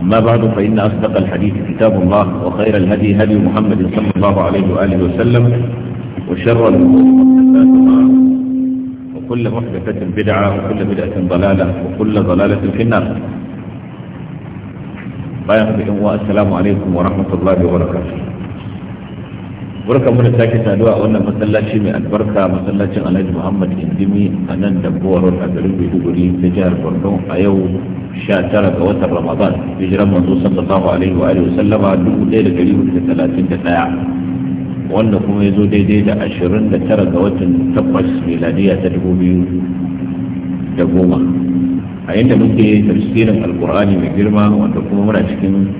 أما بعد فإن أصدق الحديث كتاب الله وخير الهدي هدي محمد صلى الله عليه وآله وسلم وشر وكل محدثة بدعة وكل بدعة ضلالة وكل ضلالة في النار السلام عليكم ورحمة الله وبركاته barka mu da sake saduwa a wannan masallaci mai albarka masallacin alhaji muhammad indimi a nan da buwarar a garin maiduguri ta jihar borno a yau 19 ga watan ramadan hijiran manzo sallallahu alaihi wa alihi wasallama 1431 wanda kuma ya zo daidai da 29 ga watan takwas miladiya ta dubu biyu da goma a yadda muke tafsirin alkur'ani mai girma wanda kuma muna cikin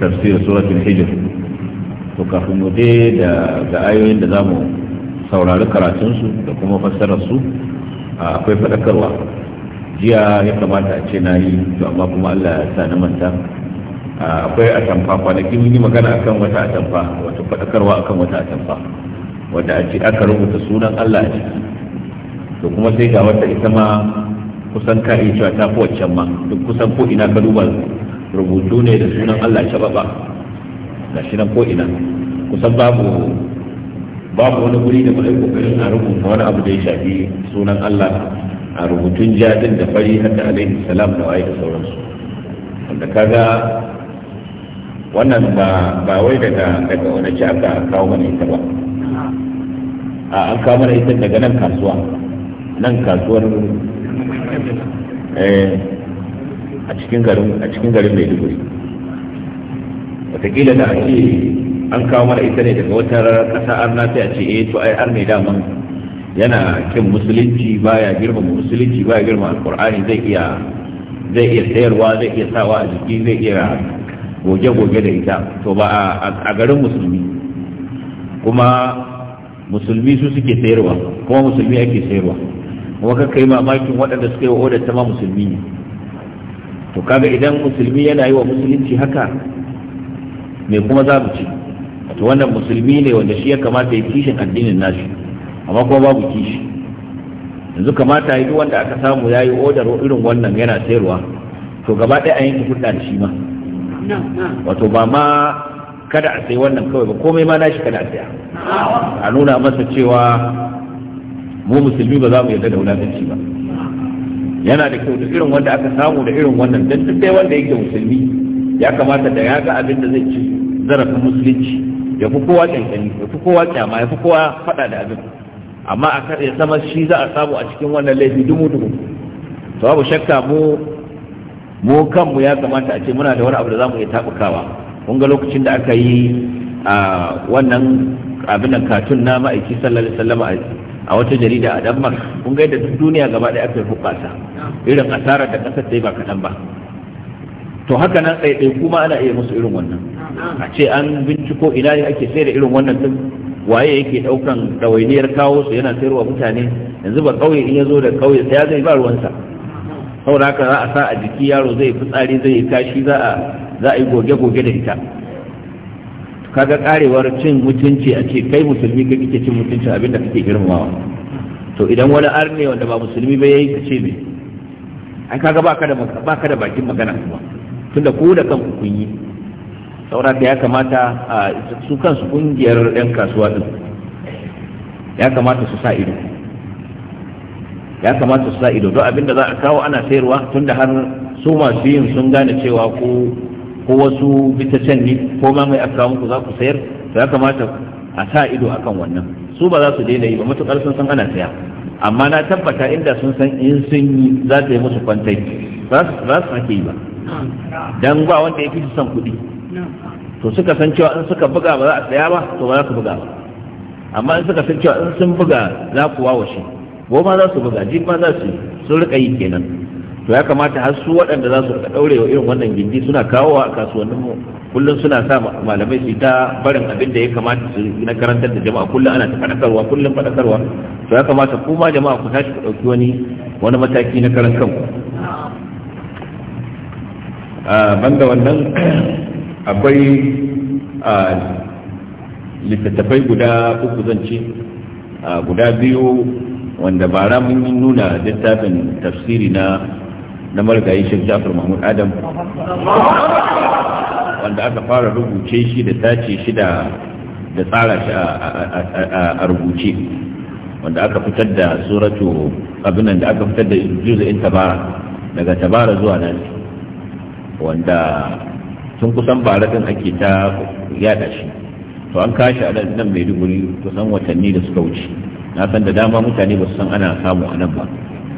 tafsirin suratul hijr to kafin mu je da ga ayoyin da za mu saurari karatunsu da kuma fassarar su akwai faɗakarwa jiya ya kamata a ce na yi to amma kuma allah ya sa na manta akwai atamfa kwanaki mun yi magana akan wata atamfa wato faɗakarwa akan wata atamfa wadda a ce aka rubuta sunan allah a ciki to kuma sai ga wata ita ma kusan ka iya cewa ta fi wancan ma duk kusan ko ina ka duba rubutu ne da sunan allah ba. ga shi nan ko ina kusan babu babu wani guri da mai kokarin a rubuta wani abu da ya shafi sunan Allah a rubutun jadin da fari hatta alaihi salam da waye da sauransu wanda kaga wannan ba ba wai daga daga wani ci aka kawo mana ita ba a an kawo mana ita daga nan kasuwa nan kasuwar eh, a cikin garin a cikin garin Maiduguri watakila da ake an kawo mana ita ne daga wata ƙasa na sai a ce eh to ai arne daman yana kin musulunci baya girma musulunci baya girma alqur'ani zai iya zai iya sayarwa zai iya sawa a jiki zai iya goge-goge da ita to ba a garin musulmi kuma musulmi su suke sayarwa kuma musulmi ake sayarwa kuma ka kai mamakin waɗanda suka yi wa odar ta ma musulmi ne to kaga idan musulmi yana yi wa musulunci haka me kuma za mu ci wato wannan musulmi ne wanda shi ya kamata ya kishin addinin nashi amma kuma babu kishi yanzu kamata yi wanda aka samu ya yi odar irin wannan yana sayarwa to gaba ɗaya a yanke hulɗa da shi ma wato ba ma kada a sayi wannan kawai ba komai ma nashi kada a saya a nuna masa cewa mu musulmi ba za mu yarda da wulaƙanci ba yana da kyau da irin wanda aka samu da irin wannan don duk dai wanda yake musulmi ya kamata da ya ga abin da zai ci zarafin musulunci ya fi kowa kyankyani ya fi kowa kyama ya fi kowa faɗa da abin amma a kar ya sama shi za a samu a cikin wannan laifi dumu dumu to babu shakka mu mu kanmu ya kamata a ce muna da wani abu da za mu iya tabukawa kun ga lokacin da aka yi a wannan abin nan katun na ma'aiki sallallahu alaihi wasallam a wata jarida a Denmark kun ga yadda duniya gaba ɗaya aka yi hubasa irin asarar da ƙasar ta yi ba kaɗan ba to haka nan ɗaiɗai kuma ana iya musu irin wannan a ce an binciko ina ne ake sai da irin wannan din waye yake ɗaukan ɗawainiyar kawo su yana sayarwa mutane yanzu ba ƙauye in ya zo da ƙauye sai ya zai ba ruwansa saboda haka za a sa a jiki yaro zai fitsari zai yi kashi za a za a yi goge-goge da ita kaga karewar cin mutunci a ce kai musulmi ka kike cin mutuncin abin da kake girmamawa to idan wani arne wanda ba musulmi ba yayi ka ce me ai kaga baka da baka da bakin magana kuma tunda ko da kanku kun yi saura ya kamata su kansu kungiyar 'yan kasuwa din ya kamata su sa ido ya kamata su sa ido don abinda za a kawo ana sayarwa tunda har su masu yin sun gane cewa ko ko wasu bita can ne ko ma mai aka muku za ku sayar to ya kamata a sa ido akan wannan su ba za su daina yi ba matukar sun san ana saya amma na tabbata inda sun san in sun yi za ta yi musu kwantai za su sake yi ba dan ba wanda ya fi son kuɗi to suka san cewa in suka buga ba za a tsaya ba to ba za su buga ba amma in suka san cewa in sun buga za ku ko ma za su buga jin ma za su sun rika yi kenan to ya kamata har su waɗanda za su rika ɗaure wa irin wannan gindi suna kawowa a kasuwannin mu kullum suna sa malamai su ta barin abin da ya kamata su na karantar da jama'a kullum ana ta faɗakarwa kullum faɗakarwa to ya kamata kuma jama'a ku tashi ku ɗauki wani wani mataki na karan kanku Ah, banda wannan akwai ah, littattafai guda uku zance ah, guda biyu wanda bara mun yi nuna littafin tafsiri na na margayi shi jafar mahmud adam wanda aka fara rubuce shi da tace shi da da tsara shi a rubuce wanda aka fitar da suratu abinan da aka fitar da in tabara daga tabara zuwa nan wanda sun kusan bara din ake ta yada shi to an kashi a nan mai to kusan watanni da suka wuce na san da dama mutane ba su san ana samu a nan ba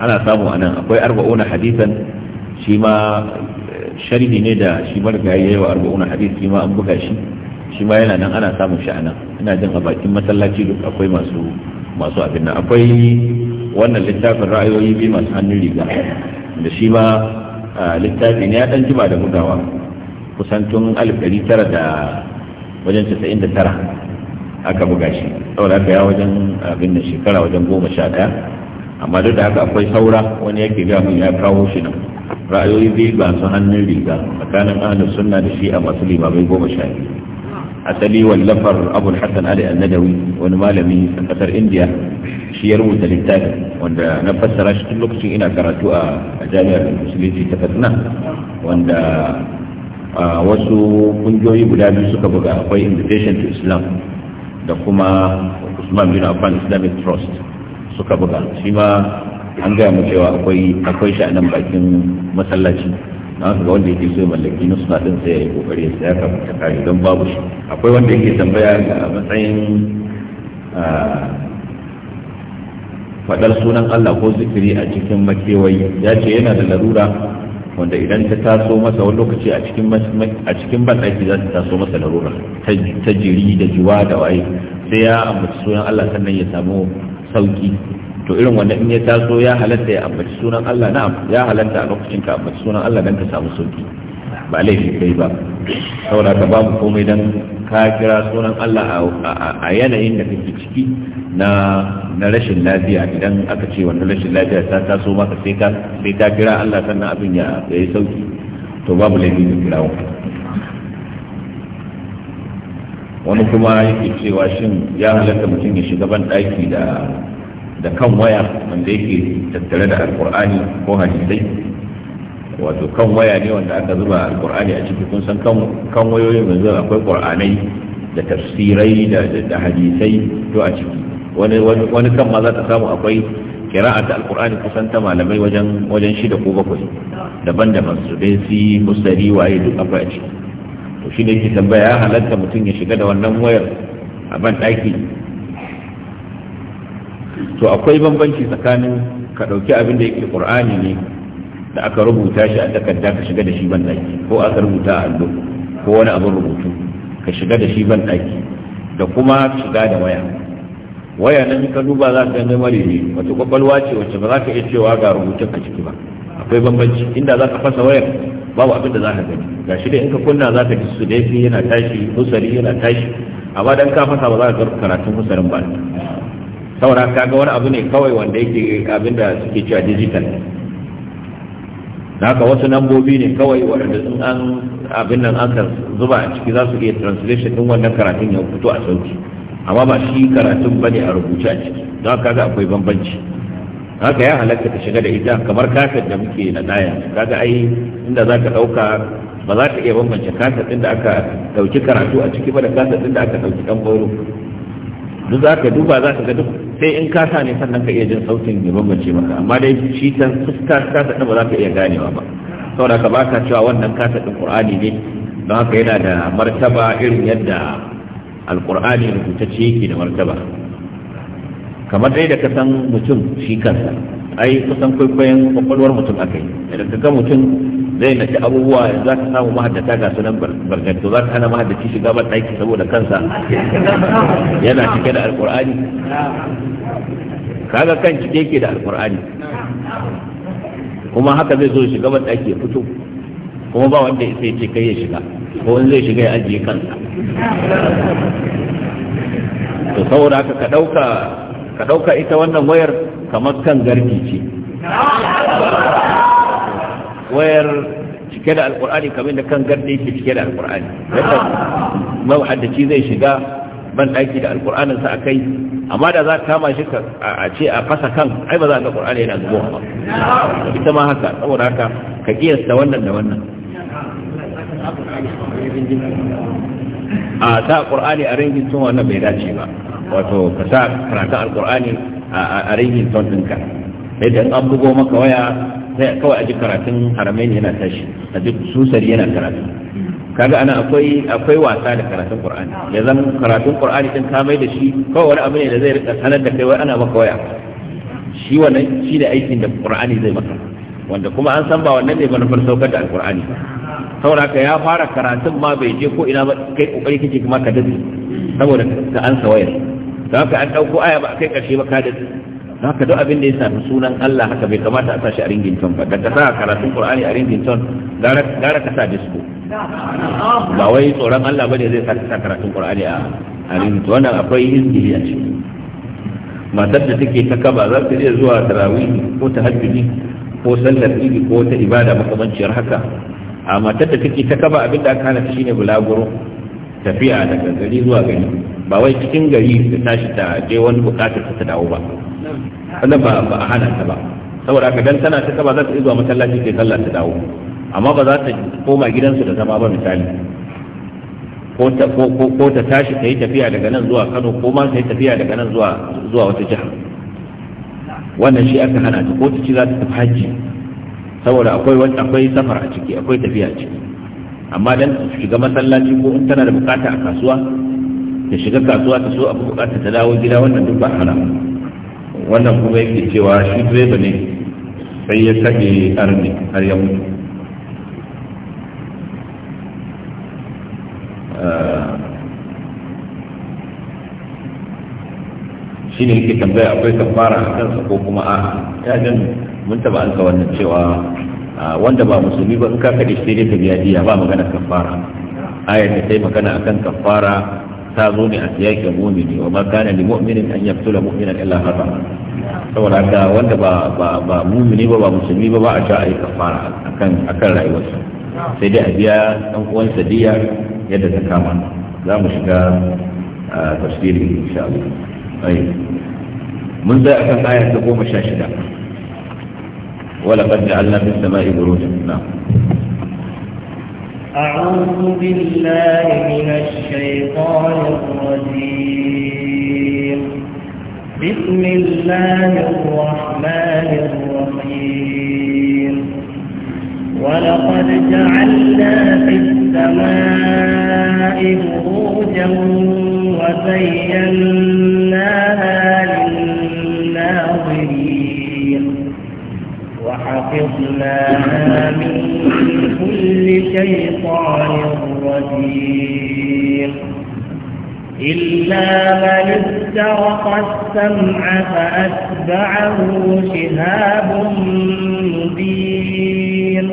ana samu a nan akwai arba'una hadisan shi ma sharidi ne da shi marga ya yi wa arba'una hadis shi ma an buga shi shi ma yana nan ana samun shi a nan ina jin a bakin masallaci duk akwai masu masu abin nan akwai wannan littafin ra'ayoyi biyu masu hannun riga da shi ma littafin ya dan jima da bugawa kusan tun alif ɗari tara da wajen casa'in da tara aka buga shi saboda haka ya wajen abin da shekara wajen goma sha ɗaya amma duk da haka akwai saura wani yake ga mun ya kawo shi nan ra'ayoyi biyu ba su hannun riga tsakanin ahlus sunna da shi a masu limamai goma sha biyu asali wallafar abul hassan ali annadawi wani malami a kasar indiya shi ya rubuta littafi wanda na fassara shi tun lokacin ina karatu a jami'ar musulunci ta katsina wanda wasu kungiyoyi guda biyu suka buga akwai invitation to islam da kuma usman bin affan islamic trust suka buga shi ma an gaya mu cewa akwai shi a nan bakin masallaci na su ga wanda yake so mallaki na suna ɗin sai ya yi kokari ya saya kafin ta kare don babu shi akwai wanda yake tambaya ga matsayin faɗar sunan Allah ko zikiri a cikin makewayi ya ce yana da larura wanda idan ta taso masa wani lokaci a cikin a cikin banɗaki za ta taso masa larura ta jiri da juwa da waye sai ya ambaci sunan Allah sannan ya samu sauki to irin wanda in ya taso ya halatta ya ambaci sunan Allah na'am ya halatta a lokacin ka ambaci sunan Allah dan ka samu sauki ba laifi kai ba saboda ka babu komai dan ka kira sunan Allah a yanayin da kake ciki na na rashin lafiya idan aka ce wannan rashin lafiya ta taso maka sai ka sai ka kira Allah sannan abin ya yi sauki to babu laifi ka kira wani kuma yake cewa shin ya halatta mutum ya shiga ban daki da da kan waya wanda yake tattare da alkur'ani ko hadisai wato kan waya ne wanda aka zuba alkur'ani a ciki kun san kan wayoyin yanzu akwai qur'anai da tafsirai da hadisai to a ciki wani kan ma za ta samu akwai kira'a da alkur'ani kusan ta malamai wajen shida ko bakwai daban-daban su dai si musari waye duk akwai a ciki to shi ne ke tambaya ya halatta mutum ya shiga da wannan wayar a ban ɗaki to akwai bambanci tsakanin ka ɗauki abin da yake ƙur'ani ne da aka rubuta shi a takarda ka shiga da shi ban ɗaki ko aka rubuta a allo ko wani abin rubutu ka shiga da shi ban ɗaki da kuma shiga da waya waya nan ka duba za ka ganin mari ne wata kwakwalwa ce wacce ba za ka iya cewa ga rubutun a ciki ba akwai bambanci inda za ka fasa wayar babu abin da za ka gani ga shi dai in ka kunna za ka ji su yana tashi musari yana tashi amma dan ka fasa ba za ka ga karatun musarin ba saura kaga wani abu ne kawai wanda yake abinda suke cewa digital haka wasu nambobi ne kawai waɗanda sun an abin nan aka zuba a ciki za su iya translation din wannan karatun ya fito a sauki amma ba shi karatun ba ne a rubuce a ciki don kaga akwai bambanci haka ya halatta ka shiga da ita kamar kafin da muke na daya kaga ai inda za ka ɗauka ba za ka iya bambance kasa ɗin da aka ɗauki karatu a ciki ba da kasa ɗin da aka ɗauki ɗan bauro duk za ka duba za ka ga duk sai in ka ne sannan ka iya jin sautin ya bambance maka amma dai shi san fuska ka ba za ka iya ganewa ba saboda ka baka cewa wannan kasa ɗin ƙur'ani ne don haka yana da martaba irin yadda alƙur'ani rubutacce yake da martaba kamar dai da ka san mutum shi kansa ai kusan kwaikwayon kwakwalwar mutum akai idan da ka ga mutum zai naci abubuwa yanzu za ka samu mahaddata ga sunan barkatu za ka hana mahaddaci shiga ban ɗaki saboda kansa yana cike da alkur'ani kaga kan cike ke da alkur'ani kuma haka zai zo shiga ban ɗaki ya fito kuma ba wanda ya sai ce kai ya shiga ko in zai shiga ya ajiye kansa to saboda haka ka ɗauka ka ɗauka ita wannan wayar kamar kan garki ce wayar cike da alkur'ani kamar da kan garde ke cike da alkur'ani mawhaddaci zai shiga ban daki da alkur'anin sa akai amma da za ka kama shi a ce a fasa kan ai ba za ka qur'ani yana zuwa ba ita ma haka saboda haka ka kiyasta wannan da wannan a ta qur'ani a ringin tun wannan bai dace ba wato ka sa karatun alkur'ani a ringin tun ɗinka idan an bugo maka waya sai kawai a ji karatun haramain yana tashi a ji susari yana karatu kaga ana akwai akwai wasa da karatun qur'ani ya zama karatun qur'ani din ka mai da shi kawai wani abu ne da zai rika sanar da kai wai ana maka waya shi wannan shi da aikin da qur'ani zai maka wanda kuma an san ba wannan ne manufar saukar da alqur'ani ba saboda ka ya fara karatun ma bai je ko ina ba kai kokari kake kuma ka dace saboda ka ansa wayar don haka an dauko aya ba kai karshe ba ka dace haka duk abin da ya sami sunan Allah haka bai kamata a sa shi a ringin ton ba daga sa karatun Qur'ani a ringin ton gara ka sa disco ba wai tsoron Allah bane zai sa sa karatun Qur'ani a a ringin ton wannan akwai hizbi a ciki matar da take ta kaba za ta iya zuwa tarawih ko ta hajji ko sallar idi ko ta ibada makamanciyar haka a matar da take ta kaba abin da aka hana ta shine bulaguro tafiya daga gari zuwa gari ba wai cikin gari ta tashi ta je wani bukatar ta dawo ba wannan ba a hana ta ba saboda haka dan tana ta ba za ta zuwa masallaci ke sallah ta dawo amma ba za ta koma gidansu da zama ba misali ko ta ko ta tashi ta yi tafiya daga nan zuwa Kano ko ma ta yi tafiya daga nan zuwa zuwa wata jiha wannan shi aka hana ta ko ta ci za ta tafi haji saboda akwai wani akwai safar a ciki akwai tafiya a ciki amma dan shiga masallaci ko in tana da bukata a kasuwa ta shiga kasuwa ta so abu bukata ta dawo gida wannan duk ba ba wannan kuma yake cewa shi direba ne sai ya kaɗe arni har ya mutu ah, shi ne yake tambaya akwai kafara a kansa ko kuma a ya jan mun taba an ka wannan cewa ah, wanda ba musulmi ba in ka kaɗe shi ne ta biya ba magana kafara ayar da sai magana akan kafara ta zo ne a siyakin mu'mini wa ma kana li mu'minin an yaqtula mu'minan illa khata saboda haka wanda ba ba ba mu'mini ba ba musulmi ba ba a sha ai kafara akan akan rayuwarsa sai dai a biya dan uwan sadiya yadda ta kama za mu shiga tafsiri insha Allah mun zai akan ayar ta goma sha shida ولقد جعلنا في السماء بروجا نعم أعوذ بالله من الشيطان الرجيم بسم الله الرحمن الرحيم ولقد جعلنا في السماء بروجا وزيناها للناظرين وحفظناها من من كل شيطان رجيم إلا من استرق السمع فأتبعه شهاب مبين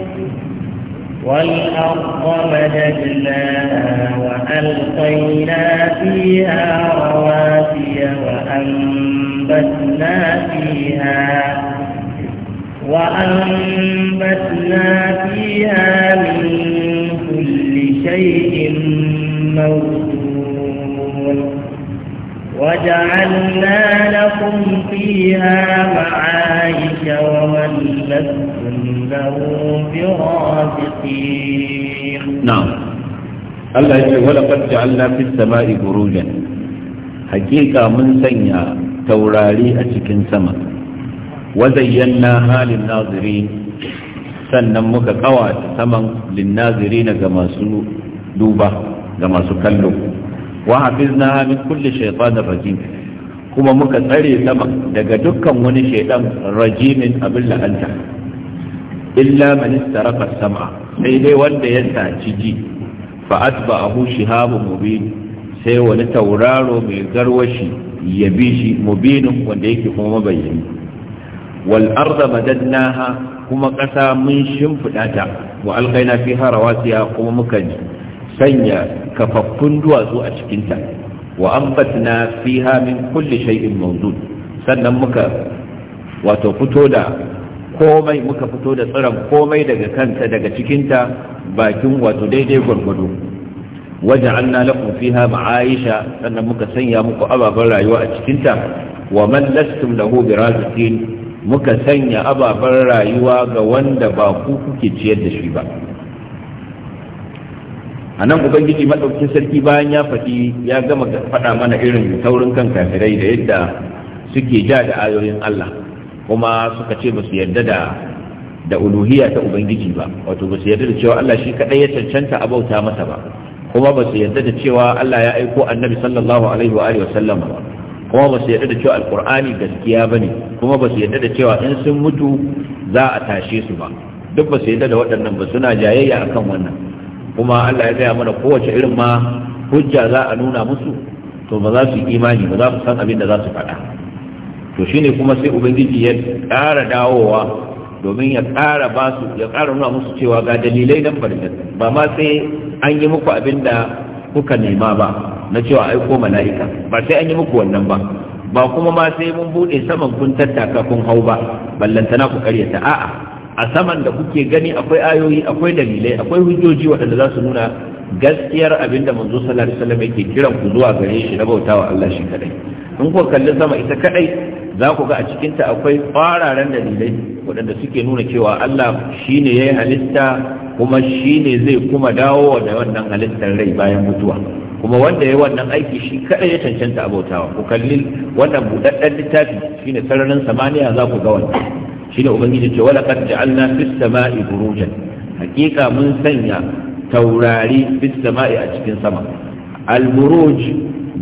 والأرض مددناها وألقينا فيها رواسي وأنبتنا فيها وأنبتنا فيها من كل شيء موجود وجعلنا لكم فيها معايش ومن لكم له برافقين نعم الله يقول ولقد جعلنا في السماء بروجا حقيقة من سنة تورالي أتكن سمك wa na halin naziri sannan muka kawa saman na ga masu duba ga masu kallo wa na min kulli da rajim kuma muka tsare saman daga dukkan wani shaydan rajimin abin la'anta illa man istaraqa sama sai dai wanda ya saci ji fa atba'ahu shihabun mubin sai wani tauraro mai garwashi ya bi shi mubinin wanda yake kuma mabayyani wal arda madadnaha kuma ƙasa mun shimfiɗa ta wa alkaina fi harawasiya kuma muka sanya kafaffun duwatsu a cikinta wa ambatna fiha min kulli shay'in mawdud sannan muka fito da komai komai daga kanta daga cikinta bakin wato daidai gwargwado wajen an na laƙun fiha ma'aisha sannan muka sanya muku ababen rayuwa a cikinta wa man lastum lahu bi razikin muka sanya ababen rayuwa ga wanda ba ku kuke ciyar da shi ba a nan ubangiji maɗaukin sarki bayan ya faɗi ya gama faɗa mana irin taurin kan kafirai da yadda suke ja da ayoyin Allah kuma suka ce ba su yarda da da uluhiyya ta ubangiji ba wato ba su yarda da cewa Allah shi kaɗai ya cancanta abauta masa ba kuma ba su yarda da cewa Allah ya aiko annabi sallallahu alaihi wa alihi wa sallama kuma ba su yarda da cewa alkur'ani gaskiya ba ne kuma ba su yarda da cewa in sun mutu za a tashe su ba duk ba su yarda da waɗannan ba suna jayayya a kan wannan kuma allah ya gaya mana kowace irin ma hujja za a nuna musu to ba za su yi imani ba za su san abin da za su faɗa to shine kuma sai ubangiji ya ƙara dawowa domin ya ƙara ba su ya ƙara nuna musu cewa ga dalilai nan ba ma sai an yi muku abin da kuka nema ba na cewa aiko mala'ika ba sai an yi muku wannan ba ba kuma ma sai mun buɗe saman kun tattaka kun hau ba ballantana ku karyata a'a a saman da kuke gani akwai ayoyi akwai dalilai akwai hujjoji waɗanda za su nuna gaskiyar abin da manzo sallallahu alaihi wasallam yake kiran ku zuwa gare shi na bautawa Allah shi kadai in ku kalli sama ita kadai za ku ga a cikinta akwai fararen dalilai waɗanda suke nuna cewa Allah shi ne ya yi halitta kuma shi ne zai kuma dawo da wannan halittar rai bayan mutuwa kuma wanda ya wannan aiki shi kaɗai ya cancanta abotawa ku kalli wannan buɗaɗɗen littafi shi ne sararin samaniya za ku ga wannan shi ne ubangiji ce wala qad ja'alna fis sama'i burujan hakika mun sanya taurari fis sama'i a cikin sama al buruj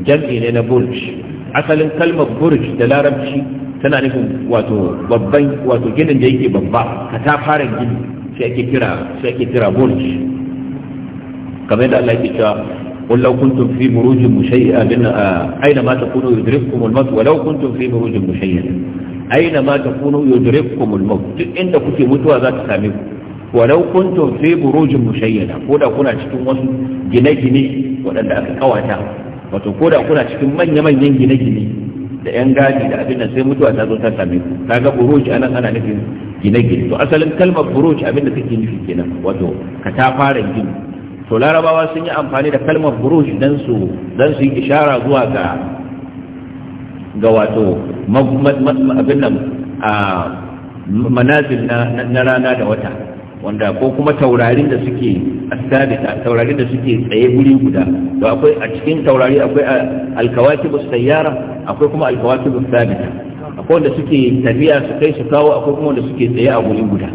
jam'i ne na burj asalin kalmar burj da larabci tana nufin wato ginin da yake babba ka ta gini sai ake kira kira burj kamar yadda Allah ya cewa qul law kuntum fi burujin mushayya bin aina ah, ma takunu yudrikukum al-maut wa law kuntum fi burujin mushayya aina ma takunu yudrikukum al-maut duk inda kuke mutuwa za ta same ku walau kuntum fi burujin mushayyada ko da kuna cikin wasu gine-gine waɗanda aka ƙawata. wato ko da kuna cikin manya-manyan gine-gine da yan gadi da abin da sai mutuwa ta zo ta same ku kaga buruj anan ana nufin gine-gine to asalin kalmar buruj abin da take nufi kenan wato ka ta fara gini to larabawa sun yi amfani da kalmar buruj dan su dan su yi ishara zuwa ga ga wato abin nan a manazil na rana da wata wanda ko kuma taurarin da suke as-sabita taurarin da suke tsaye guri guda to akwai a cikin taurari akwai al-kawakib as-sayyara akwai kuma al-kawakib sabita akwai wanda suke tafiya su kai su kawo akwai kuma wanda suke tsaye a guri guda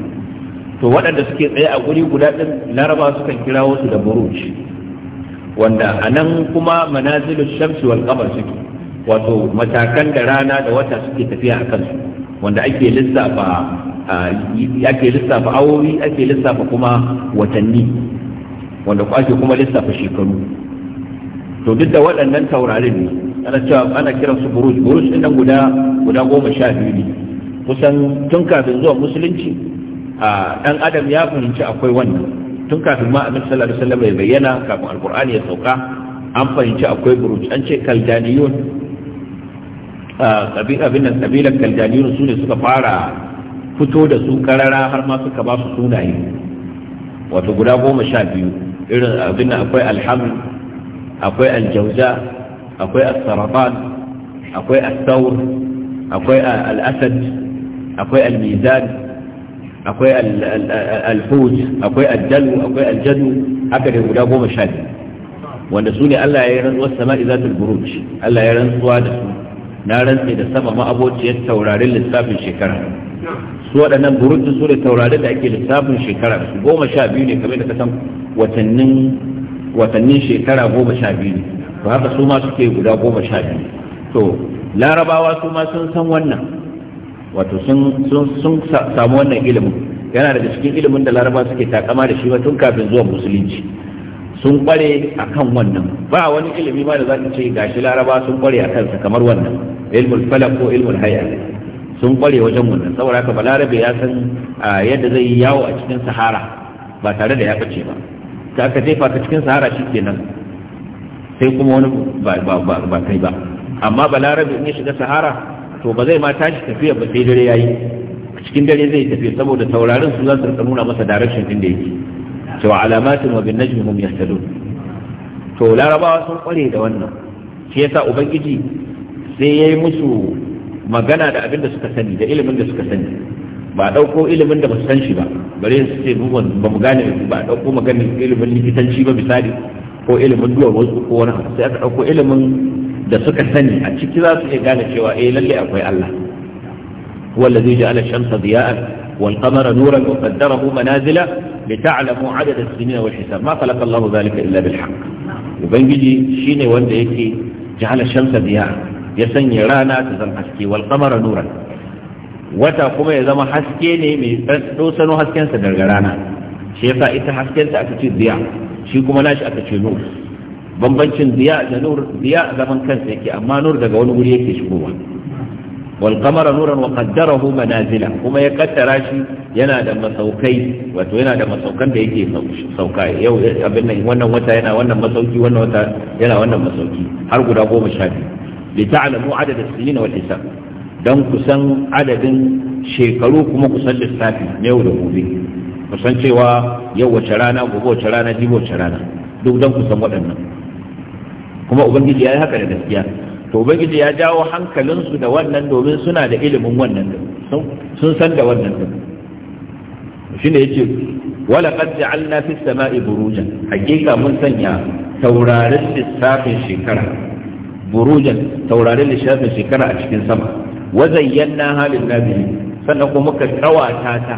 to waɗanda suke tsaye a guri guda din laraba sukan kira wasu da buruj wanda anan kuma manazilu shamsi wal qamar suke wato matakan da rana da wata suke tafiya a kansu wanda ake lissafa ake lissafa awowi ake lissafa kuma watanni wanda ku ake kuma lissafa shekaru to duk da waɗannan taurarin ne ana cewa ana kiran su buruj buruj din nan guda guda goma sha biyu ne kusan tun kafin zuwa musulunci a dan adam ya fahimci akwai wannan tun kafin ma annabi sallallahu alaihi wasallam ya bayyana kafin alqur'ani ya sauka an fahimci akwai buruj an ce kaldaniyun abin nan kabilan kaldaniyun su ne suka fara fito da su karara har ma suka ba su sunaye wato guda goma sha biyu irin abin akwai alhamd akwai aljauza akwai as-saratan akwai as-sawr akwai al-asad akwai al akwai al akwai al akwai al haka da guda goma sha biyu wanda su ne Allah ya yi rantsuwar sama'i zatul buruj Allah ya rantsuwa da su na rantse da sama ma'abociyar taurarin lissafin shekara su waɗannan burutun su ne taurari da ake lissafin shekara goma sha biyu ne kamar da ka san watannin shekara goma sha biyu ne to haka su ma suke guda goma sha biyu to larabawa su ma sun san wannan wato sun samu wannan ilimin yana daga cikin ilimin da larabawa suke takama da shi ba tun kafin zuwa musulunci sun kware a kan wannan ba wani ilimi ma da za ka ce gashi larabawa sun kware a kansa kamar wannan ilmul falak ko ilmul hayar. sun kware wajen wannan saboda haka balarabe ya san yadda zai yi yawo a cikin sahara ba tare da ya ɓace ba ta aka jefa ta cikin sahara shi kenan sai kuma wani ba kai ba amma balarabe in ya shiga sahara to ba zai ma tashi tafiya ba sai dare yayi cikin dare zai tafi saboda taurarin su za su rika nuna masa direction din da yake cewa alamatin wa bin najmi hum yahtadun to larabawa sun kware da wannan shi yasa ubangiji sai yayi musu magana da abin da suka sani da ilimin da suka sani ba dauko ilimin da ba su san shi ba bare su ce mu ba mu gane ba dauko maganar ilimin likitanci ba misali ko ilimin duwar wasu ko wani abu sai aka ilimin da suka sani a ciki za su iya gane cewa eh lalle akwai Allah wallazi ja'ala shamsa diya'an والقمر نورا وقدره منازل لتعلموا عدد السنين والحساب ما خلق illa ذلك إلا بالحق وبنجي wanda وانده يكي جعل الشمس ضياء ya sanya rana ta zama haske wal qamara nuran wata kuma ya zama haske ne mai dosano hasken sa daga rana shi yasa ita haskensa aka ce diya shi kuma nashi aka ce nur bambancin diya da nur diya zaman kansa yake amma nur daga wani guri yake shigowa wal qamara nuran wa qaddarahu manazila kuma ya kaddara shi yana da masaukai wato yana da masaukan da yake sauka yau abin nan wannan wata yana wannan masauki wannan wata yana wannan masauki har guda goma sha biyu li ta'lamu adada sinin wal hisab dan kusan adadin shekaru kuma kusan lissafi na da gobe kusan yau wace rana gobe wace rana jibo wace rana duk dan kusan waɗannan kuma ubangiji ya yi haka da gaskiya to ubangiji ya jawo hankalinsu da wannan domin suna da ilimin wannan sun san da wannan shi yace wala qad ja'alna fis sama'i burujan hakika mun sanya taurarin lissafin shekara burujan taurarin lishafin shekara a cikin sama wa zayyana halin nabi sannan kuma muka kawata ta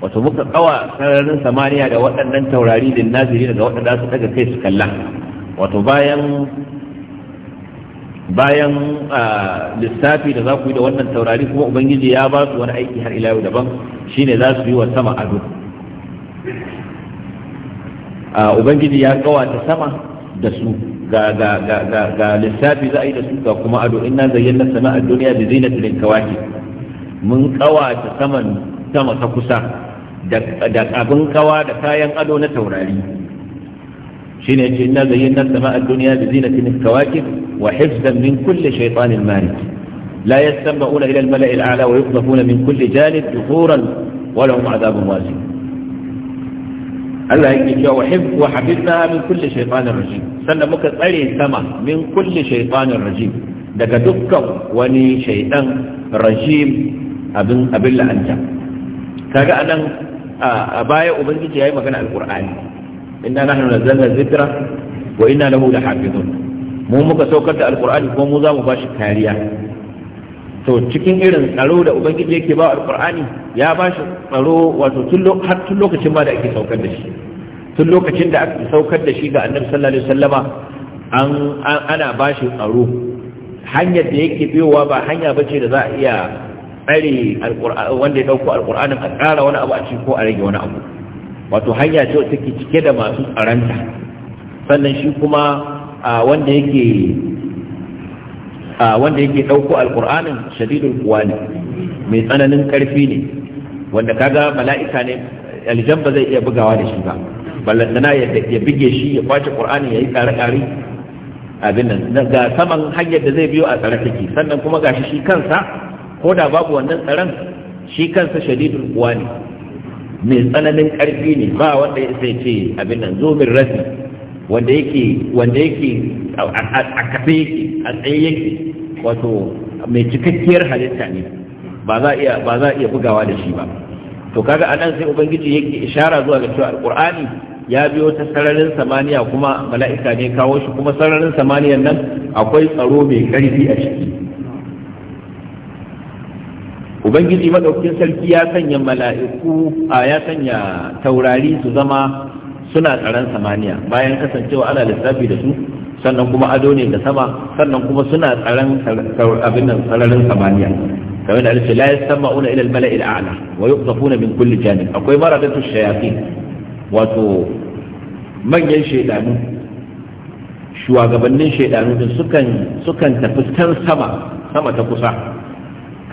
wato muka kawa sararin samaniya da waɗannan taurari din naziri da waɗanda su daga kai su kalla wato bayan bayan lissafi da za ku yi da wannan taurari kuma ubangiji ya ba su wani aiki har ila yau daban shine za su yi wa sama ado ubangiji ya kawata sama da su ga lissafi za a yi da su ga kuma ado ina zayyana sana'ar duniya da zina da linkawaki mun kawata saman sama ta kusa da abin kawa da kayan ado na taurari shi ne ce ina zayyana sana'ar duniya da zina da linkawaki wa hifzan min kulle shaitanin la kulli shaytanin marid لا يستمعون إلى الملأ الأعلى ويقذفون من كل جانب دحورا ولهم عذاب واسع الله يكفي وحفظ وحفظناها min kulle shaitanin rajim sannan muka tsare sama min kulli shaytanir rajim daga dukkan wani shaiɗan rajim abin abin la'anta kaga anan a baya ubangiji yayi magana alqur'ani inna nahnu nazzalna dhikra wa inna lahu lahafizun mu muka saukar da alqur'ani kuma mu za mu bashi kariya to cikin irin tsaro da ubangiji yake ba alqur'ani ya bashi tsaro wato har tun lokacin ma da ake saukar da shi tun lokacin da aka saukar da shi ga annabi sallallahu alaihi wasallama an ana bashi tsaro hanyar da yake biyowa ba hanya bace da za a iya tsare wanda ya dauko alqur'anin a tsara wani abu a ciki ko a rage wani abu wato hanya ce take cike da masu tsaranta sannan shi kuma wanda yake wanda yake dauko alqur'anin shadidul ne mai tsananin karfi ne wanda kaga mala'ika ne aljan zai iya bugawa da shi ba ballantana ya bige shi ya kwace qur'ani ya yi kare-kare abin nan ga saman hanyar da zai biyo a tsare take sannan kuma gashi shi kansa ko da babu wannan tsaron shi kansa shadidul kuwa ne mai tsananin karfi ne ba wanda ya sai ce abin nan zo min rasi wanda yake wanda yake a kafe yake a tsaye yake wato mai cikakkiyar halitta ne ba za iya ba za iya bugawa da shi ba to kaga anan sai ubangiji yake ishara zuwa ga cewa alqur'ani ya biyo ta sararin samaniya kuma mala'ika ne kawo shi kuma sararin samaniyan nan akwai tsaro mai karfi a ciki ubangiji madaukin sarki ya sanya mala'iku a ya sanya taurari su zama suna tsaron samaniya bayan kasancewa ana lissafi da su sannan kuma ado ne da sama sannan kuma suna tsaron abin nan sararin samaniya kamar da alfi la yasma'una ila al-mala'i ala wa yuqtafuna min kulli janib akwai maradatu shayatin wato manyan shaidanu shugabannin shaidanu din sukan tafi can sama sama ta kusa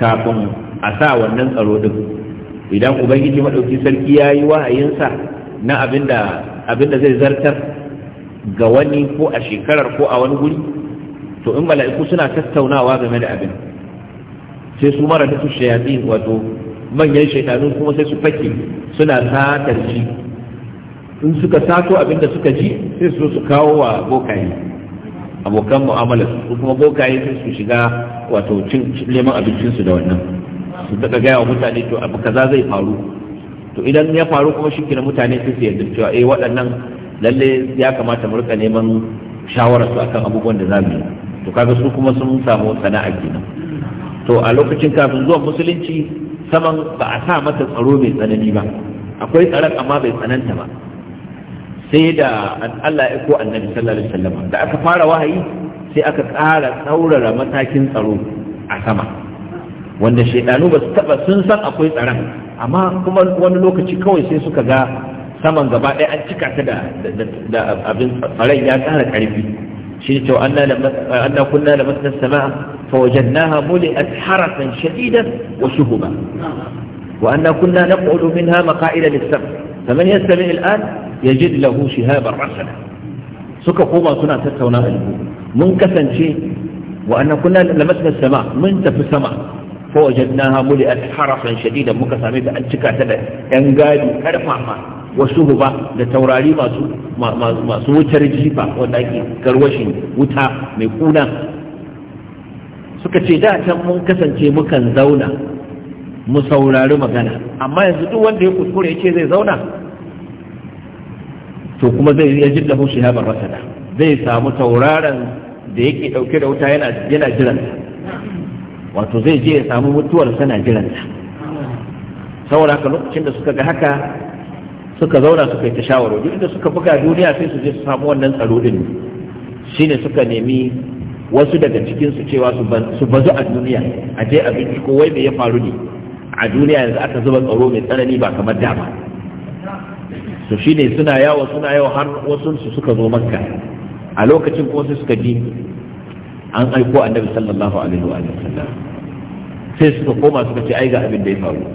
kafin a sa wannan tsaro din idan ubangiji maɗauki sarki ya yi wahayinsa na abinda da zai zartar ga wani ko a shekarar ko a wani guri to in mala'iku suna tattaunawa game da abin sai su mara da su shayatsi wato manyan shaidanu kuma sai su fake suna satar shi in suka sato abinda suka ji sai su su kawo wa bokaye abokan mu'amala su kuma bokaye sai su shiga wato cin neman abincinsu da wannan su daga gaya wa mutane to abu kaza zai faru to idan ya faru kuma shi kina mutane sai su yarda cewa eh waɗannan lalle ya kamata mu rika neman shawara su akan abubuwan da za mu yi to kaga su kuma sun samu sana'a kenan to a lokacin kafin zuwan musulunci saman ba a sa mata tsaro mai tsanani ba akwai tsaron amma bai tsananta ba sai da Allah ya ko annabi sallallahu alaihi wasallam da aka fara wahayi sai aka ƙara tsaurara matakin tsaro a sama wanda shaidanu ba su taba sun san akwai tsaron amma kuma wani lokaci kawai sai suka ga saman gaba ɗaya an cika ta da abin tsaron ya ƙara ƙarfi shi ne cewa anna kunna da masnar sama fa wajannaha muli'at harasan shadidan wa shuhuba wa anna kunna naq'udu minha maqa'ida lis-sam faman yastami al-an yajid lahu shihaban rasala suka koma suna tattauna a mun kasance wa anna kunna lamasna sama mun tafi sama fa wajadnaha muli'at harasan shadida muka same ta an cika ta da yan gadi karfafa wasu huba da taurari masu masu wutar jifa wanda ake garwashin wuta mai kuna suka ce da can mun kasance mukan zauna mu saurari magana amma yanzu duk wanda ya kuskure ya ce zai zauna to kuma zai ya jin lahu shihaban rasada zai samu tauraron da yake ɗauke da wuta yana yana jiran wato zai je ya samu mutuwar sana jiran saboda haka lokacin da suka ga haka suka zauna suka yi ta shawaro duk da suka buga duniya sai su je su samu wannan tsaro din shine suka nemi wasu daga cikin su cewa su bazu a duniya a je a binciko wai me ya faru ne a duniya yanzu aka zuba tsaro mai tsanani ba kamar da ba to shine suna yawo suna yawo har wasu suka zo makka a lokacin ko suka ji an aiko annabi sallallahu alaihi wa sallam sai suka koma suka ce ai ga abin da ya faru